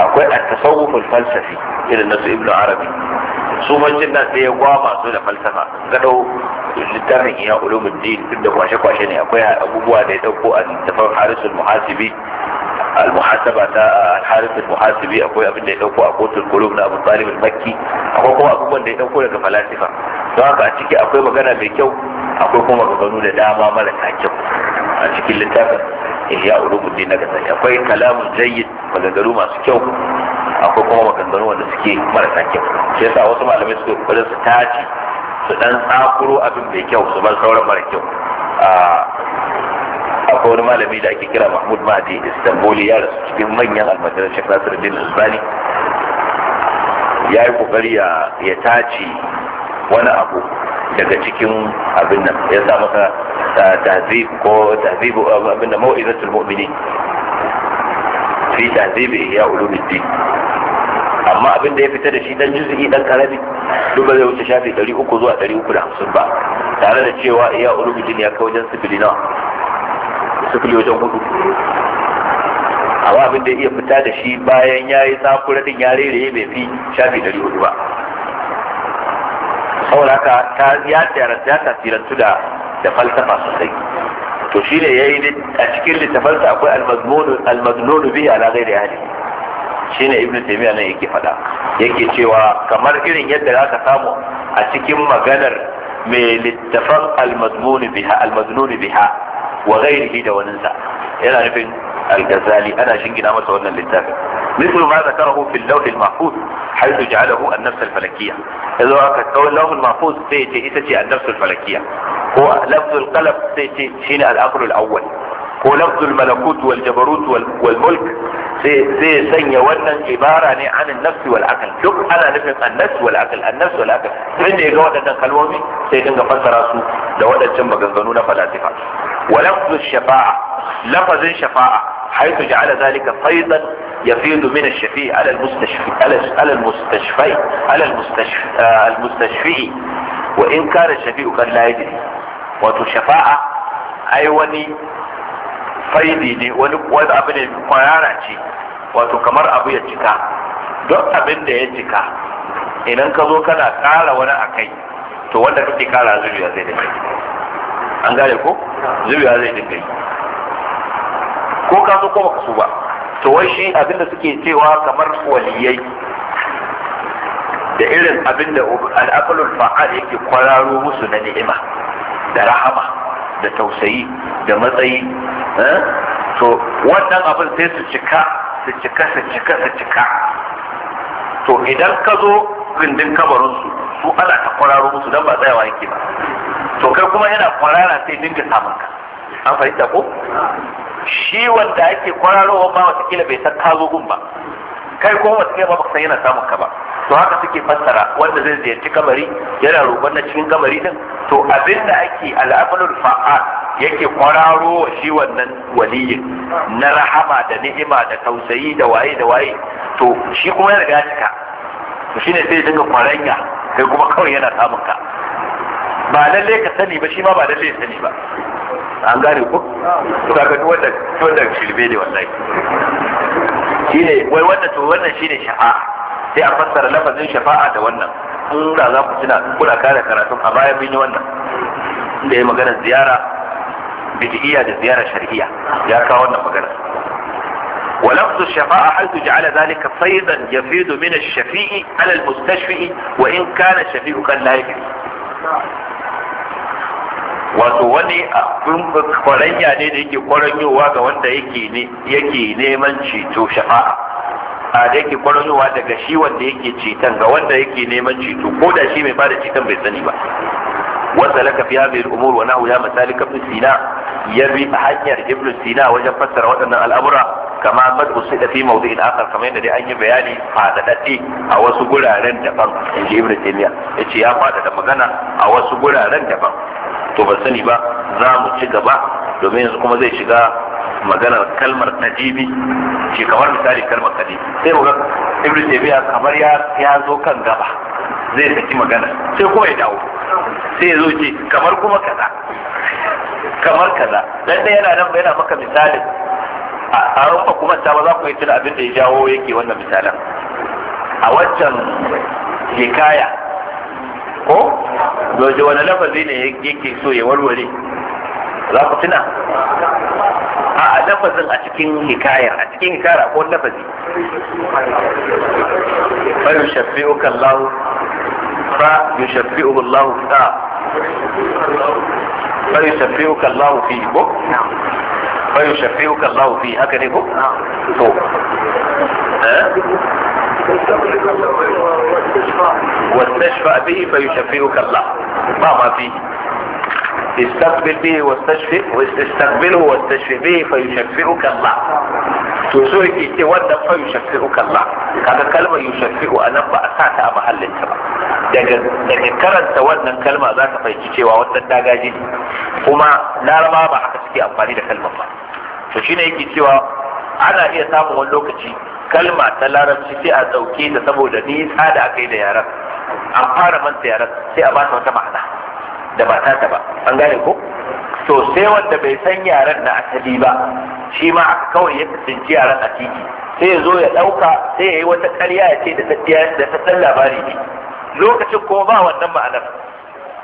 akwai a tasawufin falsafi irin na su ibn arabi sufancin nan sai ya gwama su da falsafa ga dau littafin iya ulumuddin duk da kwashe-kwashe ne akwai abubuwa da ya dauko a littafin harisul muhasibi al-muhasaba ta al-harith al-muhasibi akwai abin da ya dauko a kotun qulub na Abu Talib al-Makki akwai kuma abubuwan da ya dauko daga falasifa don haka a ciki akwai magana mai kyau akwai kuma maganganu da dama marasa kyau a cikin littafin ihya ulumuddin na gasa akwai kalamun jayyid maganganu masu kyau akwai kuma maganganu wanda suke marasa kyau sai yasa wasu malamai suke kokarin su tace su dan tsakuro abin mai kyau su bar sauran mara kyau ah, akwai wani malami da ake kira mahmud mahdi istanbuli ya rasu cikin manyan almajiran shek nasiruddin albani ya yi kokari ya tace wani abu daga cikin abin nan ya sa masa tahzib ko tahzib abin da mau'izatul mu'minin fi tahzib ya ulumuddin amma abin da ya fita da shi dan juz'i dan karami duk zai wuce shafi 300 zuwa 350 ba tare da cewa iya ulumuddin ya kai wajen sifili nawa sifili wajen hudu amma abin da iya fita da shi bayan ya yi sakura din ya rere bai fi shafi dari hudu ba saboda haka ta ya tasirantu da da falsafa sosai to shi ne ya yi a cikin littafansa akwai almaznonu bihi ala da hali shi ne ibn taimiyya nan yake faɗa yake cewa kamar irin yadda za ka samu a cikin maganar mai littafan almaznonu biha wa ghairihi da waninsa yana nufin al-ghazali ana masa wannan littafin مثل ما ذكره في اللوح المحفوظ حيث جعله النفس الفلكية إذا كان اللوح المحفوظ سيتي إتتي النفس الفلكية هو لفظ القلب سيتي شين الأمر الأول هو لفظ الملكوت والجبروت والملك sai sanya wannan ibara ne anin nafsi wal akal duk ana nufin annas wal akal annas wal akal sai da ga waɗannan kalmomi sai dinga fassara su da waɗancan maganganu na falasifa walafzu shafa'a lafazin shafa'a haythu ja'ala zalika faidan yafidu min ash-shafi' ala al-mustashfi ala al-mustashfi ala al-mustashfi wa in kana shafi'u kan la yadri wato shafa'a ai wani faidi ne wani wani abu ne fara ce wato kamar abu ya cika don abin da ya cika idan ka zo kana ƙara wani a kai to wanda kake ƙara zuriya zai dinga an gane ko zuriya zai dinga yi ko ka zo ko kasu so ba to wai shi abin da suke cewa kamar waliyai da irin abin da al'akalul fa'al yake kwararo musu na ni'ima da rahama da tausayi da matsayi Eh? to wannan abin sai su cika su cika su cika su cika to idan ka zo gindin kabarinsu su ana ta kwararo musu don ba tsayawa yake ba to kai kuma yana kwarara sai dinga samun ka an fahimta ko shi wanda ake kwararowa ba kila bai san kazo gun ba kai kuma kila ba san yana samun ka ba to haka suke fassara wanda zai ziyarci kamari yana roƙon na cikin kamari din to abin da ake al'amalul fa'a. yake kwararo wa shi wannan waliyin na rahama da ni'ima da tausayi da waye da waye to shi kuma ya riga cika shi ne sai dinga kwaranya kai kuma kawai yana samun ka ba lalle ka sani ba shi ma ba lalle ya sani ba an gane ku to kaga duk wanda duk wanda shirbe ne wallahi shine wai wannan to wannan shine shafa'a sai a fassara lafazin shafa'a da wannan in da za ku tuna kuna kare karatun a baya mun yi wannan da ya magana ziyara bid'iyya da ziyara shar'iyya ya kawo wannan magana ولفظ الشفاعة حيث جعل ذلك صيدا يفيد من الشفيء على المستشفي وإن كان الشفيء كان لا يجري wato wani abin kwaranya ne da yake kwaranyowa ga wanda yake neman ceto shafa'a a da yake kwaranyowa daga shi wanda yake ceton ga wanda yake neman ceto ko da shi mai bada ceton bai sani ba wanda laka fi hadhihi al-umur wa nahu ya masalik ibn sina yabi hanyar ibn sina wajen fassara waɗannan al'amura kama kad usida fi mawdi'in akhar kamar yadda an yi bayani fadadadde a wasu guraren daban inji ibn taymiya yace ya fadada magana a wasu guraren daban to ba sani ba za mu ci gaba domin yanzu kuma zai shiga maganar kalmar najibi ce kamar misali kalmar kadi sai mu ga ibn taymiya kamar ya ya zo kan gaba zai saki magana sai kuma ya dawo sai ya zo ce kamar kuma kaza kamar kaza dan dai yana nan yana maka misalin a rumfa kuma ta ba za ku yi tuna abin da ya jawo yake wannan misalan a waccan hikaya ko doje wani lafazi ne yake so ya warware za ku tuna a lafazin a cikin hikayar a cikin hikayar ko lafazi bari shafi'uka Allah أخرى يشبئه الله فيها فيشبئك الله فيه نعم فيشبئك الله فيه هكذا نعم تو واستشفى به فيشفئك الله ما ما فيه استقبل به واستشفئ واستقبله واستشفئ به فيشفئك الله تسوي so yake ce الله fa كلمة kallah kaga kalmar محل التبع daga karanta wannan kalma za ka fahimci cewa wannan dagaji ne kuma laraba ba aka suke amfani da kalmar ba to shine yake cewa ana iya samun wani lokaci kalma ta larabci sai a dauke ta saboda nisa da aka yi da yaran an fara manta yaran sai a ba ta wata ma'ana da ba ta ba an gane ko to sai wanda bai san yaren na asali ba shi ma aka kawai ya tsinci yaran a titi sai ya zo ya ɗauka sai ya yi wata karya ya ce da ta san labari ne lokacin ko ba wannan ma'anar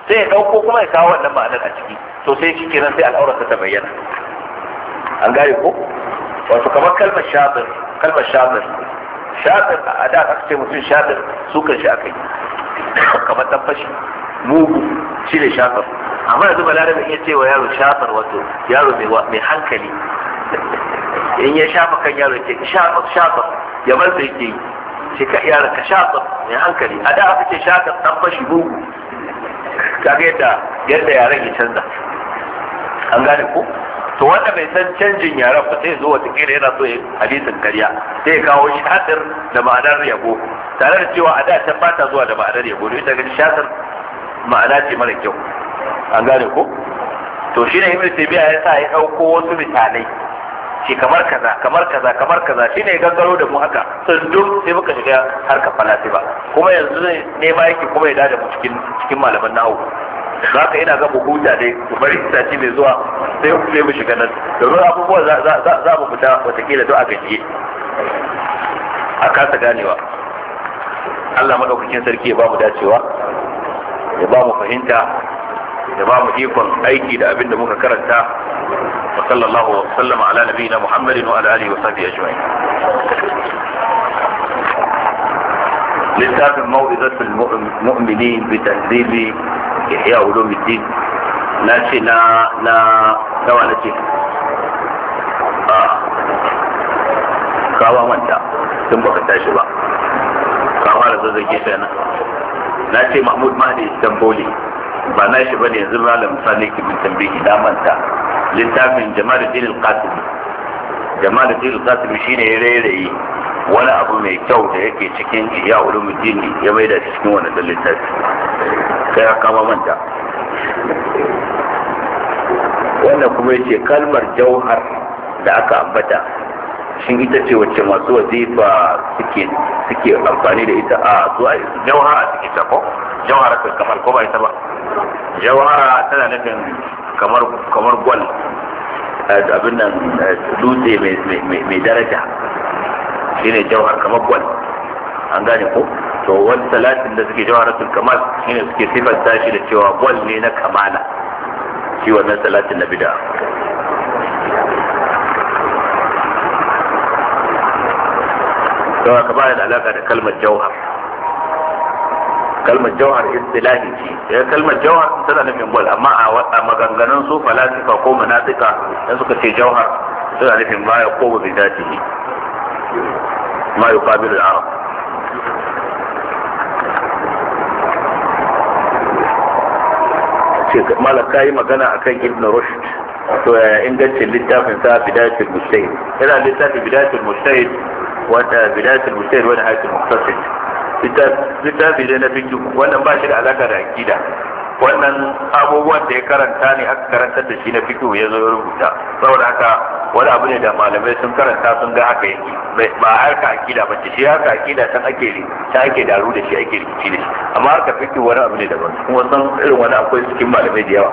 sai ya dauko kuma ya kawo wannan ma'anar a ciki to sai shi kenan sai al'aurarsa ta bayyana an gane ko wato kamar kalmar shafir kalmar shafir shafir a da aka ce mutum shafir su kan shi aka yi kamar dan fashi mugu shi ne shafir amma yanzu lalaba iya cewa yaro shafir wato yaro mai hankali in ya shafa kan yaro ke shafa shafa ya bar sai ke yi ce ka yara ka shatsar mai hankali a da aka ce shatsar ɗan fashi bugu kaga yadda yadda yaren ya canza an gane ko to wanda bai san canjin yaren ba sai zo wata kira yana so ya hadisin karya sai ya kawo shatsar da ma'anar yabo tare da cewa a da ta bata zuwa da ma'anar yabo don ita gani shatsar ma'ana ce mara kyau an gane ko to shi shine ibnu tabi'a ya sa ya ɗauko wasu misalai ce kamar kaza kamar kaza kamar kaza shine ya gangaro da mu haka duk sai muka shiga harkar falasifa kuma yanzu ne nema yake kuma ya dada mu cikin cikin malaman nawo za ka ina ga mu huta dai ku bari sati mai zuwa sai ku mu shiga nan domin abubuwa za za za mu fita watakila don a gajiye a kasa ganewa Allah madaukakin sarki ya ba mu dacewa ya ba mu fahimta ya ba mu ikon aiki da abin da muka karanta wa sallallahu wa sallama ala nabiyina muhammadin wa ala alihi wa sahbihi ajma'in littafin mau'izatul almu'minin bi tanzili ihya ulumuddin na ce na na kawa na ce kawa manta tun baka tashi ba kawa da zazzage sai na na ce mahmud mahdi tamboli ba na shi bane yanzu da sani ki min tambayi na manta littafin Jama'ar jamaluddin al-qasim jamaluddin al-qasim shine ya rairaye wani abu mai kyau da yake cikin ya ulumuddin ya maida shi cikin wani dan littafi sai ya kama manta wannan kuma yace kalmar jauhar da aka ambata shin ita ce wacce masu wazifa suke suke amfani da ita a zuwa jauhar a cikin ta ko jauhar kamar ko ba ita ba jawara tana nufin kamar kamar gwal eh, abin nan eh, dutse mai daraja ne jawar kamar gwal an gane ko to wani salatin da suke jawar kamar shi ne suke sifar shi da cewa gwal ne na kamala shi wannan salatin na bid'a to ka da alaka da kalmar jawar kalmar jawhar istilahi ce ya kalmar jawhar tana nufin gwal amma a maganganun su falasifa ko munafika dan suka ce jawhar suna nufin baya ko bi zatihi ma yuqabilu al-arab ce malaka yi magana akan ibn rushd to ya ingancin littafin sa bidayatul mustahid yana littafin bidayatul mustahid wanda bidayatul mustahid wanda hayatul muqtasid littafi ne na fikihu wannan ba shi da alaka da akida wannan abubuwan da ya karanta ne aka karantar da shi na fikihu ya zo ya rubuta saboda haka wani abu ne da malamai sun karanta sun ga haka yake ba harka akida ba shi shi harka akida san ake ta ake daru da shi ake rikici da shi amma harka fikihu wani abu ne daban kuma san irin wani akwai cikin malamai da yawa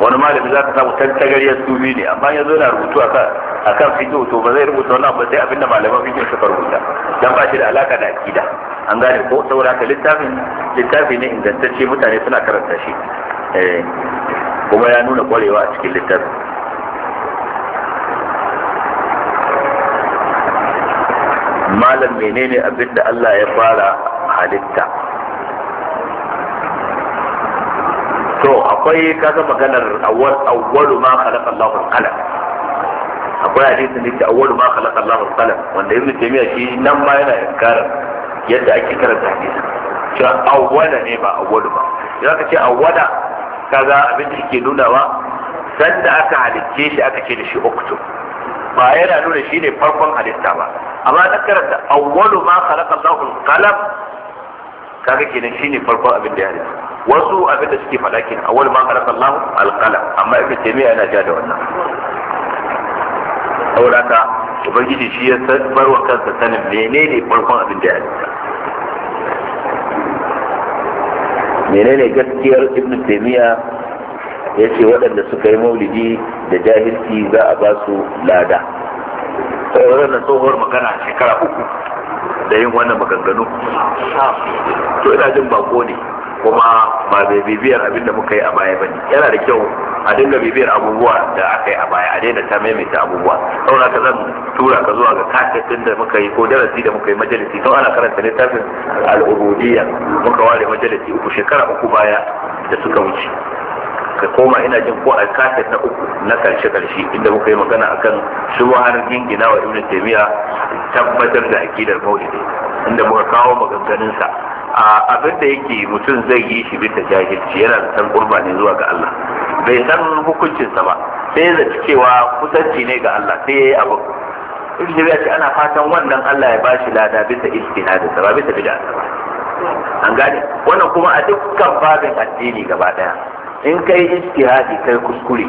wani malami za ka samu tantagariyar sufi ne amma zo na rubutu a kan fikihu to ba zai rubuta wannan ba sai abinda malaman fikihu suka rubuta dan ba shi da alaka da akida an gane ko saboda haka littafin littafi ne ingantacce mutane suna karanta shi eh, kuma ya nuna kwarewa a cikin littafin malam menene abin da Allah ya fara halitta to akwai kaga maganar awwal awwalu ma khalaqa Allahu al-qalam akwai hadisin da yake awwalu ma khalaqa Allahu al-qalam wanda ibnu taymiya shi nan ma yana inkarin yadda ake karanta hadisi cewa awwala ne ba awwalu ba idan ka ce awwala kaga abin da yake nunawa sanda aka halicce shi aka ce da shi uktu ba yana nuna shi ne farkon halitta ba amma na karanta awwalu ma khalaqa Allahul qalam kaga kenan shi ne farkon abin da ya halitta wasu abin da suke faɗa kenan awwalu ma khalaqa Allahu al-qalam amma ibn Taymiyyah yana ja da wannan saboda ubangiji shi ya bar wa kansa sanin menene farkon abin da ya halitta menene gaskiyar ibn taymiya ya ce waɗanda suka yi maulidi da jahilci za a ba su lada sai wannan tsohuwar magana shekara uku da yin wannan maganganu to ina jin bako ne kuma ba bai bibiyar abinda muka yi a baya bane yana da kyau a dinga bibiyar abubuwa da aka yi a baya a daina ta maimaita abubuwa saboda ka zan tura ka zuwa ga kasetin da muka yi ko darasi da muka yi majalisi sau ana karanta littafin al'ubudiyya muka ware majalisi uku shekara uku baya da suka wuce ka koma ina jin ko alkaset na uku na karshe karshe inda muka yi magana akan shubhar gingina wa ibnu taymiya tabbatar da akidar mau'idi inda muka kawo maganganun sa abin da yake mutum zai yi shi bisa jahilci yana da san kurba ne zuwa ga Allah bai san hukuncinsa ba sai da cewa kusanci ne ga Allah sai yayi abu ibn Jarir ce ana fatan wannan Allah ya bashi lada bisa istinadin sa bisa bid'a an gane wannan kuma a dukkan babin addini gaba daya in kai istihadi kai kuskure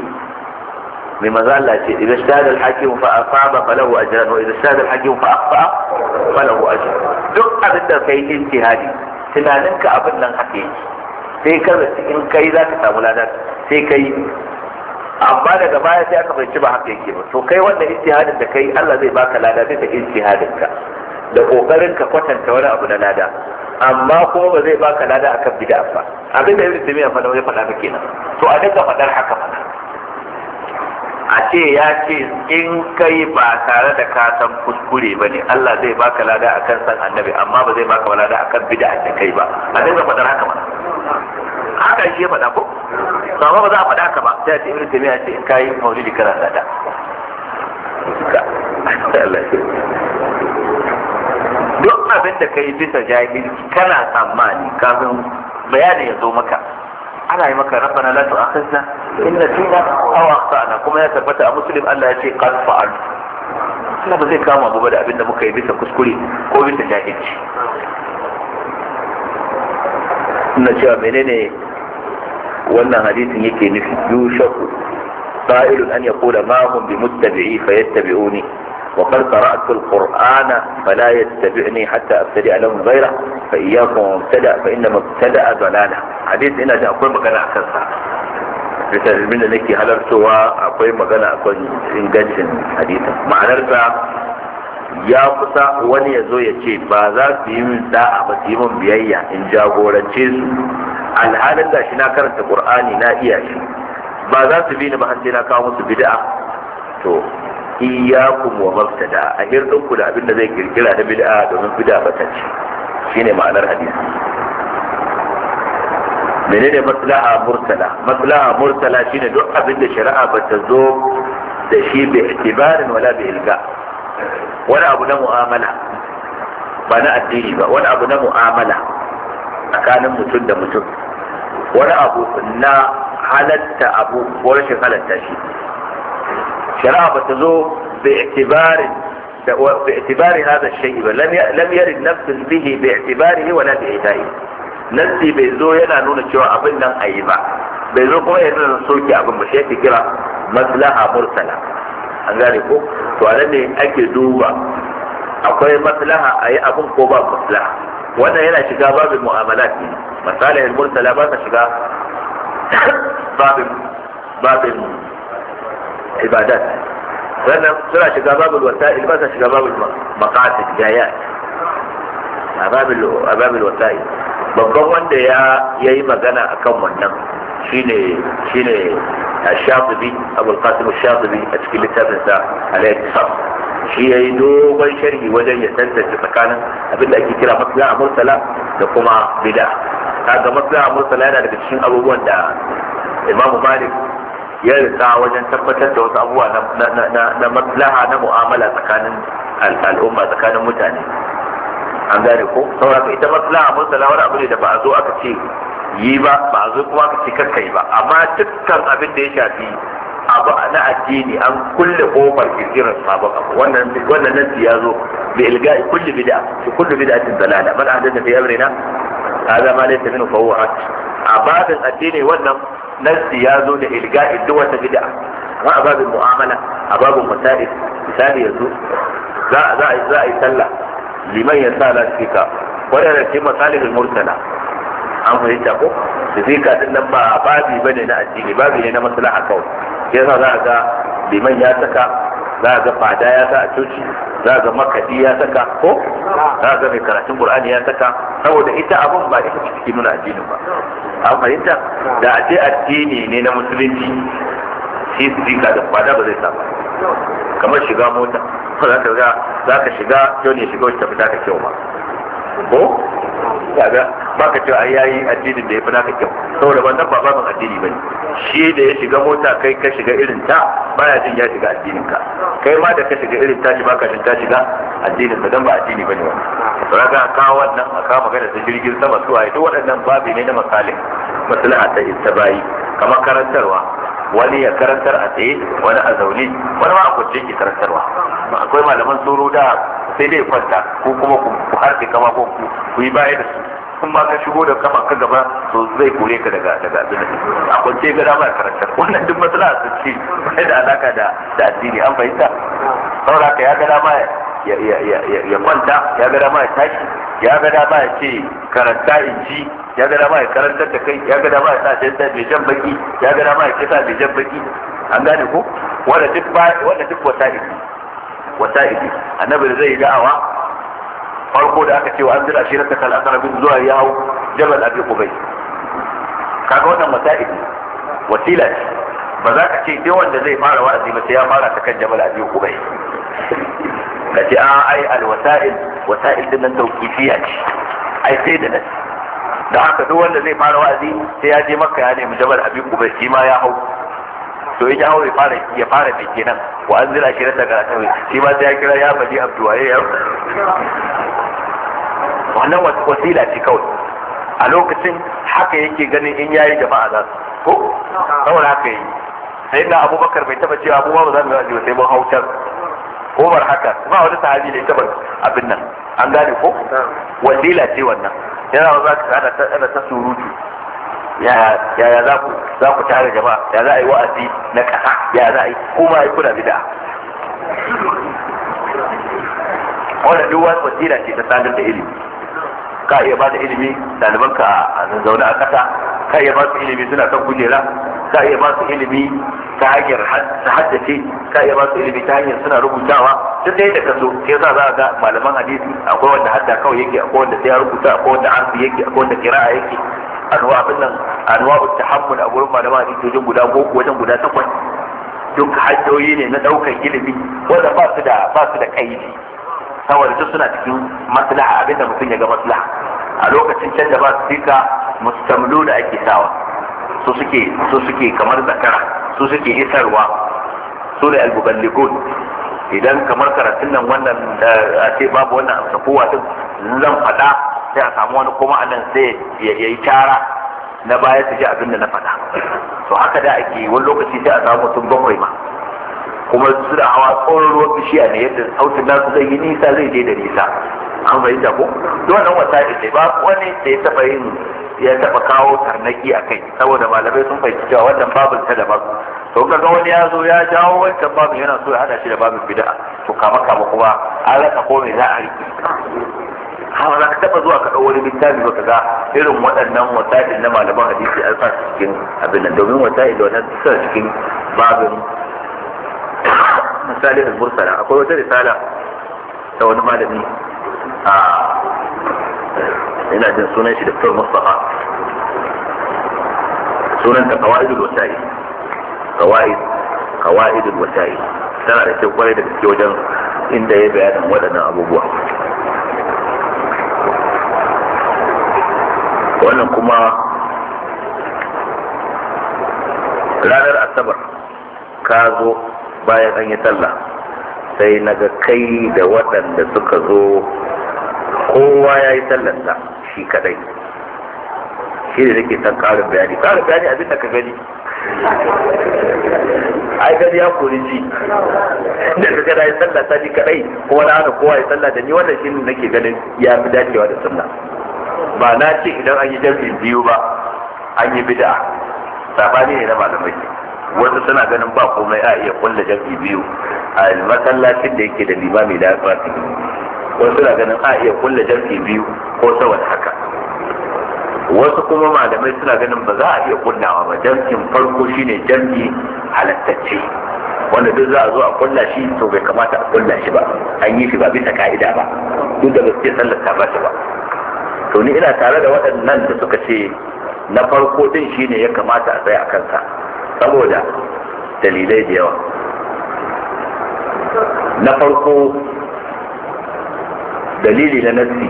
mai maza Allah ce idan shahada al-hakim fa asaba falahu ajran wa idan shahada al-hakim fa akhta falahu ajran duk abin da kai istihadi tunaninka abin nan haka yake sai ka zaci in kai za ka samu ladar sai ka yi amma daga baya sai aka fahimci ba haka yake ba to kai wannan ijtihadin da kai Allah zai baka lada sai da ijtihadin ka da kokarin ka kwatanta wani abu na lada amma kuma ba zai baka lada akan bid'a ba abin da Ibn Taymiyyah fa da ya faɗa ba kenan to a daga faɗar haka fa a ce ya ce in kai ba tare da ka san kuskure ba ne Allah zai baka lada akan san annabi amma ba zai baka lada akan bid'a a kai ba a zai faɗar haka ba haka shi ya faɗa ko sama ba za a faɗa haka ba sai a ce irin taymiya ce in kai maulidi kana lada duk abin da ka yi bisa jahilci kana tsammani kafin bayanin ya zo maka على عمك ربنا لا تؤاخذنا إن نسينا أو أخطأنا كما ابو مسلم ألا يشيء قد فعل لا بزي كاما ببدا بنا مكيبسة كسكولي كو بنت جاهد إن شاء منيني وانا حديث يكي نفي يوشك قائل أن يقول ما هم بمتبعي فيتبعوني وقد قرأت القرآن فلا يتبعني حتى أبتدع لهم غيره فإياكم ومبتدأ فإنما ابتدأ ضلالة حديث إنا da akwai magana a kansa littattafin da nake halartowa akwai magana a kan ingancin hadita ma'anarsa ya kusa wani ya zo ya ce ba za su yi min da'a ba biyayya in jagorance su alhalin da shi na karanta qur'ani na iya shi ba za su bi ni ba har na kawo iyyakum wa mabtada a hirdin ku da abin zai kirkira da bid'a domin bid'a ce shine ma'anar hadisi menene maslaha mursala maslaha mursala shine duk abin da shari'a bata zo da shi bi ihtibarin wala bi ilga wani abu na mu'amala ba na addini ba wani abu na mu'amala tsakanin mutum da mutum wani abu na halatta abu ko rashin halatta shi shari'a ba ta zo باعتبار هذا الشيء لم لم يرد نفس به باعتباره ولا بإيتائه nassi bai zo yana nuna cewa abin nan a yi ba bai zo kuma yana nuna soke abin ba shi yake kira maslaha mursala an gane ko to anan ne ake duba akwai maslaha a yi abin ko ba wannan yana shiga babin mu'amalat ne ba shiga babin ibadat sannan suna shiga babul wasa'il ba sa shiga babul maqasid gayat a babul wasa'il babban wanda ya yayi magana akan wannan shine shine Shafi'i Abu Qasim Shafi'i a cikin littafin sa Alayhi Sab shi yayi dogon sharhi wajen ya tantance tsakanin abin da ake kira maslaha mursala da kuma bid'a kaga maslaha mursala yana daga cikin abubuwan da Imam Malik ya rika wajen tabbatar da wasu abubuwa na maslaha na mu'amala tsakanin al'umma tsakanin mutane an gane ko saboda ita maslaha mursala wani abu ne da ba a zo aka ce yi ba ba a zo kuma aka ce kakka yi ba amma dukkan abin da ya shafi abu na addini an kulle kofar kirkirar sabon abu wannan wannan nan ya zo bi ilga'i kulli bid'a kulli bid'atin dalala man ahdatha fi amrina hadha ma laysa minhu fa huwa rad Ababin babin addini wannan nassi ya zo da ilga'in duk wata bid'a amma ababin mu'amala ababin babin misali yanzu za a za a yi sallah liman ya sa lasfika wadanda ce masalihul Murtala an fahimta ko lasfika din nan ba babi bane na addini babi ne na maslaha kawai sai yasa za a ga liman ya saka za ga fada ya sa a coci za ga makadi ya saka ko za ga mai karatun qur'ani ya saka saboda ita abun ba ita ce cikin nuna addini ba an fahimta da a ce addini ne na musulunci shi sika da fada ba zai samu kamar shiga mota za ka shiga yau ne shiga wacce fita ka kyau ba ko kaga ba ka cewa yayi addinin da ya fi naka kyau saboda wannan ba babin addini bane shi da ya shiga mota kai ka shiga irin ta baya jin ya shiga addinin ka kai ma da ka shiga irin ta shi ba ka ta shiga addinin ka dan ba addini bane wani raga ka wannan a ka magana da jirgin sama zuwa to waɗannan babi ne na masalin maslaha ta ittabai kamar karantarwa wani ya karantar a tsaye wani a zaune wani ma a kwance ke karantarwa akwai malaman tsoro da sai dai kwanta ko kuma ku harke kama ko ku yi baya da su in ma ka shigo da kama ka gaba to zai kore ka daga daga abin a kwance ga dama karantar wannan duk matsala su ce sai da alaka da da addini an fahimta saboda ka ya ga dama ya kwanta ya ga dama ya tashi ya ga dama ya ce karanta in ji ya ga dama ya karantar da kai ya ga dama ya sa jinta mai jan baki ya ga dama ya kisa mai jan baki an gane ko wanda duk wanda duk wata ne wasa'ibi annabi da zai yi da'awa farko da aka cewa ce wa anzir ashirata kal aqrabin zuwa yawo jabal abi qubay kaga wannan wasa'ibi wasila ce ba za ka ce sai wanda zai fara wa'azi ba sai ya fara ta kan jabal abi qubay ka ce a ah, ai al wasa'il wasa'il din nan tawqifiya ce ai sai da nan da haka duk wanda zai fara wa'azi sai ya je makka ya nemi jabal abi qubay shi ma ya hau to ya hawo fara ya fara mai kenan wa an zira kira daga rasawai shi ma sai ya kira ya bali abduwaye ya wannan wasila ce kawai a lokacin haka yake ganin in yayi jama'a za su ko saboda haka yi sai na abubakar bai taba cewa abubuwa ba za mu yi ajiye sai mun hautar umar haka ba wani sahabi da ya taba abin nan an gane ko wasila ce wannan yana za ka ana ta surutu ya ya za ku tare jama'a ya za a yi wa'azi na kasa ya za a yi kuma ya kuna bid'a wannan duk wani wasila ce ta sanar da ilimi ka iya ba da ilimi ɗaliban ka a zaune a kasa ka iya ba su ilimi suna kan kujera ka iya ba su ilimi ta hanyar haddace ka iya ba su ilimi ta hanyar suna rubutawa duk da kaso sai za a ga malaman hadisi akwai wanda hadda kawai yake akwai wanda sai ya rubuta akwai wanda arzi yake akwai wanda kira'a yake anwa abin nan anwa'ut tahammul a gurin malama hadisojin guda ko wajen guda takwas duk hanyoyi ne na daukar ilimi wanda ba su da ba su da kaidi saboda duk suna cikin maslaha abin da mutum ya ga maslaha a lokacin can da ba su fika mustamlu da ake sawa su suke su suke kamar zakara su suke isarwa su da albuballigun idan kamar karatun nan wannan eh, a ce babu wannan amsa kowa din zan faɗa sai a samu wani kuma anan sai ya yi tara na baya su ji abin da na faɗa to haka da ake wani lokaci sai a samu mutum bakwai ma kuma su da hawa tsoron ruwan bishiya ne yadda sautin nasu zai yi nisa zai je da nisa an fahimta ko wannan wata ne ba wani da ya taɓa yin ya taba kawo tarnaki a kai saboda malamai sun fahimci cewa wannan babin ta babu to kaga wani ya zo ya jawo wancan babin yana so ya hada shi da babin bid'a to kama kama kuma an rasa ko me za a riki har za ka taba zuwa ka wani littafi ba ka ga irin waɗannan wasa'il na malaman hadisi an sa cikin abin nan domin wasa'il wannan sa cikin babin misali al-mursala akwai wata risala ta wani malami a ina jin sunan shi Dr. Mustafa sunan ta qawaidul wasa'il qawaid qawaidul wasa'il tana da kyau kwarai da gaske wajen inda ya bayanin waɗannan abubuwa wannan kuma ranar asabar ka zo bayan an yi sallah sai na ga kai da waɗanda suka zo kowa ya yi sallarsa shi kadai shi da nake son ƙarin bayani ƙarin bayani abin da ka gani ai gani ya kori ji da ka gana ya sallah ta ni kadai kuma na hana kowa ya sallah da ni wannan shi nake ganin ya fi dacewa da sallah ba na ce idan an yi jami'in biyu ba an yi bid'a sabani ne na malamai wasu suna ganin ba komai a iya kulla jam'i biyu a masallacin da yake da limami da rafi wasu suna ganin a iya kulla jam'i biyu ko saboda haka wasu kuma malamai suna ganin ba za a iya kullawa ba jam'in farko shine jam'i halattacce wanda duk za a zo a kulla shi to bai kamata a kulla shi ba an yi shi ba bisa ka'ida ba duk da ba su ce sallar ta ba ba to ni ina tare da waɗannan da suka ce na farko din shine ya kamata a tsaya a kansa saboda dalilai da yawa na farko dalili na nassi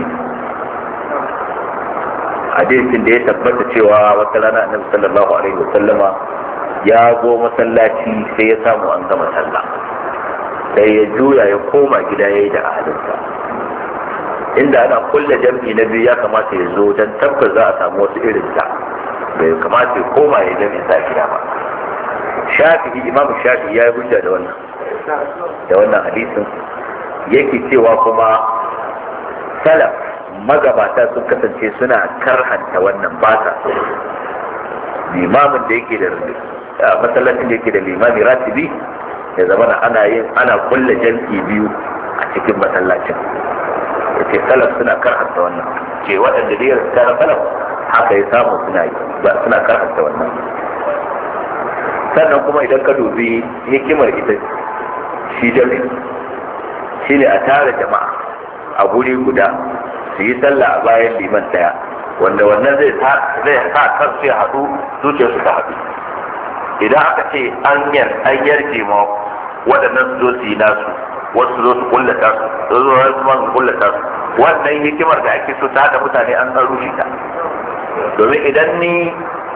hadisin da ya tabbata cewa wata rana na sallallahu alaihi wasallama ya go masallaci sai ya samu an gama sallah sai ya juya ya koma gida ya yi da ahalinsa inda ana kulle jam'i na biyu ya kamata ya zo don tabbas za a samu wasu irin ta bai kamata ya koma ya jam'i sa gida ba shafi'i imamu shafi'i ya yi hujja da wannan da wannan hadisin yake cewa kuma salaf magabata sun kasance suna karhanta wannan ba-ta-ta. limamin da yake da masallacin da yake da limami ratibi ya zama ana yin ana kulle jam'i biyu a cikin masallacin ce salaf suna karhanta wannan ce waɗanda da yarda tara salaf haka ya samu suna yi ba suna karhanta wannan sannan kuma idan ka dubi hikimar ita shi jami'i shi ne a tara jama'a a guri guda su yi sallah a bayan liman daya wanda wannan zai sa kan su haɗu zuciyar su ta haɗu idan aka ce an yar an yarje ma waɗannan su zo su yi nasu wasu zo su kullata su zo su ma su kullata su wannan hikimar da ake so ta da mutane an ɗan rushe ta domin idan ni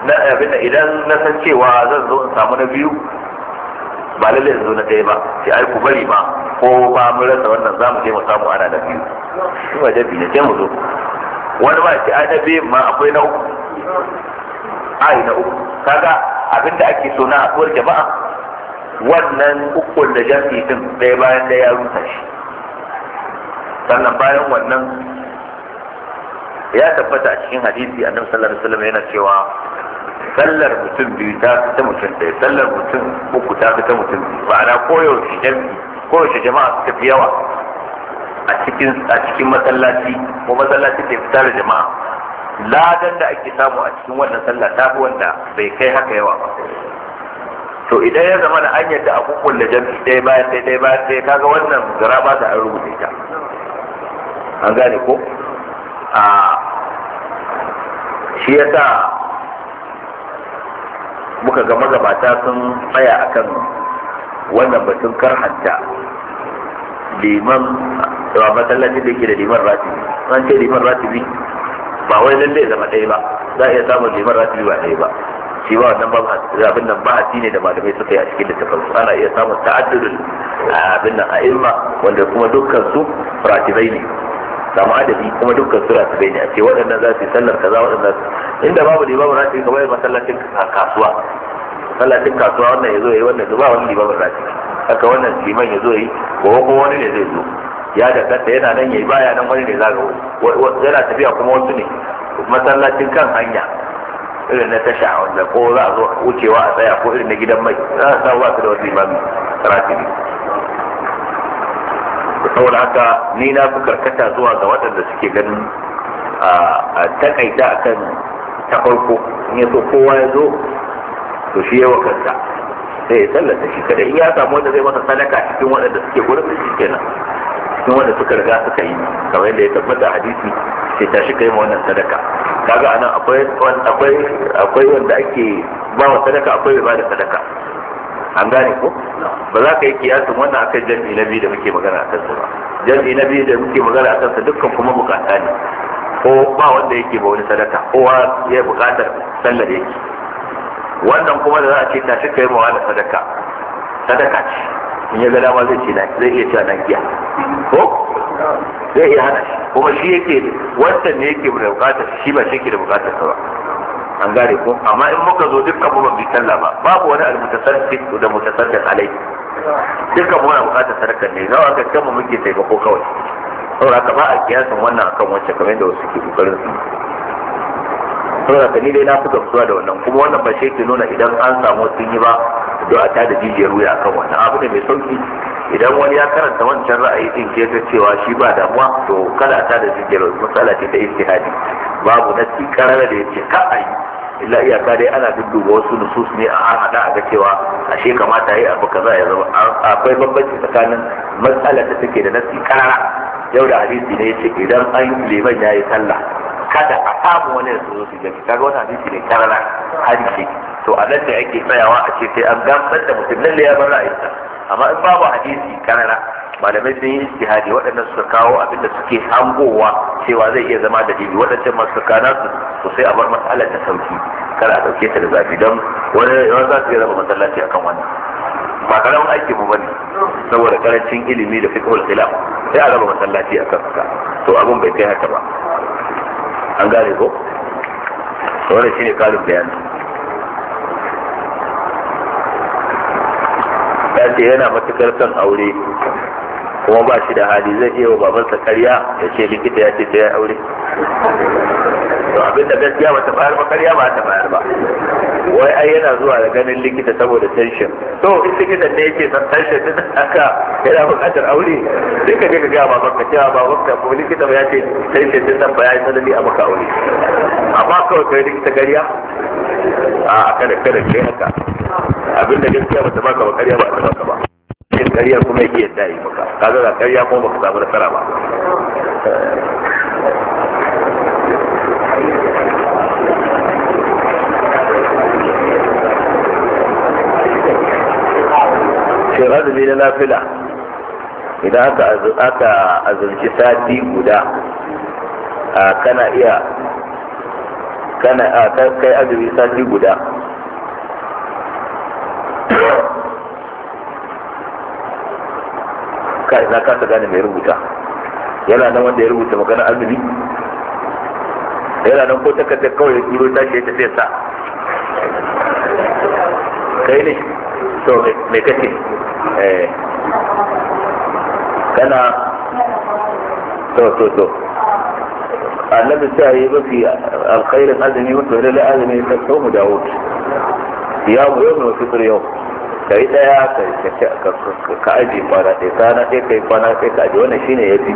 na abin idan na san cewa zan zo in samu na biyu ba lalle in zo na ɗaya ba sai ai ku bari ma ko ba mun rasa wannan za mu je mu samu ana da biyu shi ba dabi ne sai mu zo wani ba ce ai biyu ma akwai na uku ai na uku kaga abin da ake so na akwai jama'a wannan ukun da jami'in ɗaya bayan ɗaya ya rusa shi sannan bayan wannan ya tabbata a cikin hadisi annabi sallallahu alaihi wasallam yana cewa sallar mutum biyu ta fita ta mutum ɗaya sallar mutum uku ta fita ta mutum biyu ma'ana koyaushe jami'i koyaushe jama'a suka fi yawa a cikin a cikin masallaci ko masallaci ke fitar da jama'a ladan da ake samu a cikin wannan sallah ta fi wanda bai kai haka yawa ba to idan ya zama da an yadda a kukkun da jami'i ɗaya bayan ɗaya bayan ɗaya kaga wannan gara ba ta an rubuta ita. an gane ko a shi ya sa muka ga magabata sun tsaya akan wannan batun karhanta liman a masallacin da ke da liman ratibi an ce liman ratibi ba wai lalle zama ɗaya ba za a iya samun liman ratibi ba ɗaya ba shi ba wannan abin nan ba ne da malamai suka yi a cikin littafin su ana iya samun a abin nan a ilma wanda kuma dukkan su ratibai ne da adadi kuma dukkan sura su bai ne a ce waɗannan za su yi sallar kaza waɗannan inda babu ne babu ka kamar masallacin kasuwa masallacin kasuwa wannan ya zo yi wannan ba wani limamin rafi haka wannan liman ya zo yi gobe ko wani ne zai zo ya danganta yana nan yayi baya nan wani ne za ga yana tafiya kuma wasu ne masallacin kan hanya irin na tasha wanda ko za a zo wucewa a tsaya ko irin na gidan mai za a samu ba su da wasu limamin rafi ne saboda haka ni na fi karkata zuwa ga waɗanda suke ganin a takaita a kan ta farko in ya so kowa ya zo to shi yawa kanta sai ya tallata shi kada in ya samu wanda zai masa sadaka cikin waɗanda suke gurin da shi kenan cikin wanda suka riga suka yi kamar yadda ya tabbata hadisi sai ta shi kai ma wannan sadaka kaga anan akwai akwai akwai wanda ake ba wa sadaka akwai ba da sadaka an gane ko ba za ka yi kiyasin wannan akan jam'i na biyu da muke magana a kansa ba jam'i na biyu da muke magana a kansa dukkan kuma bukata ne ko ba wanda yake ba wani sadaka kowa ya bukatar sallar yake wannan kuma da za a ce ta tashi kai mawa da sadaka sadaka ce in ya ga dama zai ce zai iya cewa na giya ko zai iya hana shi kuma shi yake wannan ne yake da bukatar shi ba shi ke da bukatar ba an gane ko amma in muka zo duka mu bi sallah ba babu wani almutasaddiq da mutasaddiq alai dukkan mu na bukatar sadakar ne zawa ga kan mu muke taimako kawai saboda ka ba a kiyasan wannan akan wancan kamar da wasu ke kokarin su saboda ka ni dai na fuka gamsuwa da wannan kuma wannan ba shi nuna idan an samu sun yi ba da a tada jijiyar wuya akan wannan abu ne mai sauki idan wani ya karanta wancan ra'ayi din ke ta cewa shi ba damuwa to kada a tada jijiyar matsala ce ta istihadi babu na karara da ya ce ka a yi illa iyaka dai ana dudduba wasu nusus ne a hada a ga cewa ashe kamata yi abu kaza ya zama akwai bambanci tsakanin matsalar da take da nasi karara yau da hadisi ne yace idan an liman yayi sallah kada a samu wani da su ga su kaga wannan hadisi ne karara hadisi to a nan da yake tsayawa a ce sai an gamsar da mutum lalle ya bar ra'ayinsa amma in babu hadisi karara malamai sun yi istihadi waɗannan suka kawo abinda suke hangowa cewa zai iya zama da dalili waɗancan masu kana su sai a bar matsalar da sauki kar a ɗauke ta da zafi don wani yawan za su iya zama masallaci a kan wannan ba karamin aiki mu bane saboda karancin ilimi da fiqhul khilaf sai a raba masallaci akan haka to abin bai kai haka ba an gane ko wannan shine kalin bayani yace ce yana matukar son aure kuma ba shi da hali zai iya wa babansa karya ya ce likita ya ce ta yi aure to abin da gaskiya ba ta bayar ba karya ba ta bayar ba wai ai yana zuwa da ganin likita saboda tension to in likitan ne yake san tension din haka yana buƙatar aure sai ka je ka gaya baban ka cewa baban ka ko likita ya ce sai ce sai san bayani sanadi a maka aure amma kawai kai likita gariya a kada kada kai haka abinda gaskiya ba ta baka ba ƙarya ba ta baka ba yin ƙarya kuma yake yadda yi maka ka zaga ƙarya kuma baka samu nasara ba sai razumi na nafila idan aka azurci sati guda kana iya kana a kai azumi sati guda kai na kasa gane mai rubuta yana nan wanda ya rubuta magana azumi yana nan ko takarda kawai ya turo tashi ta sai sa kai ne to me kace eh kana to to to annabi ta yi mafi alkhairin azumi da la azumi ta tsohu da wuce ya mu yau mai fitur yau ka yi ɗaya ka aji kwana ɗaya kana ɗaya ka yi kwana ɗaya ka aji wannan shine ya fi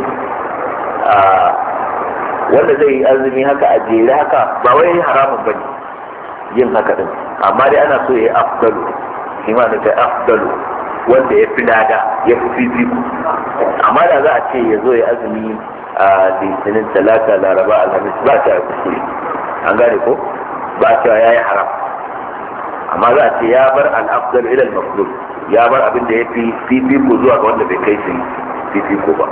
wanda zai yi azumi haka a jere haka ba wai haramun ba yin haka ɗin amma dai ana so ya yi afdalu shi ma da ta afdalu wanda ya fi lada ya fi fifiko amma da za a ce ya zo ya azumi a litinin talata laraba alhamis ba ta kuskure an gane ko ba cewa ya yi haram amma za a ce ya bar al'afdal ilal mafdul ya bar abin da ya fi fifiko zuwa ga wanda bai kai shi fifiko ba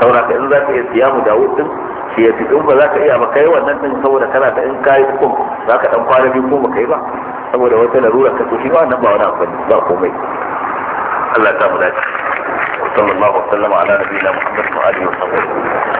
saboda ka in za ka iya siyamu da din shi ya fi ba za ka iya ba kai wannan din saboda kana da in kayi hukum za ka dan kwana biyu ko ba kai ba saboda wata larura ka to shi ba wannan ba wani amfani ba komai Allah ta mu dace وصلى الله وسلم على نبينا محمد وآله وصحبه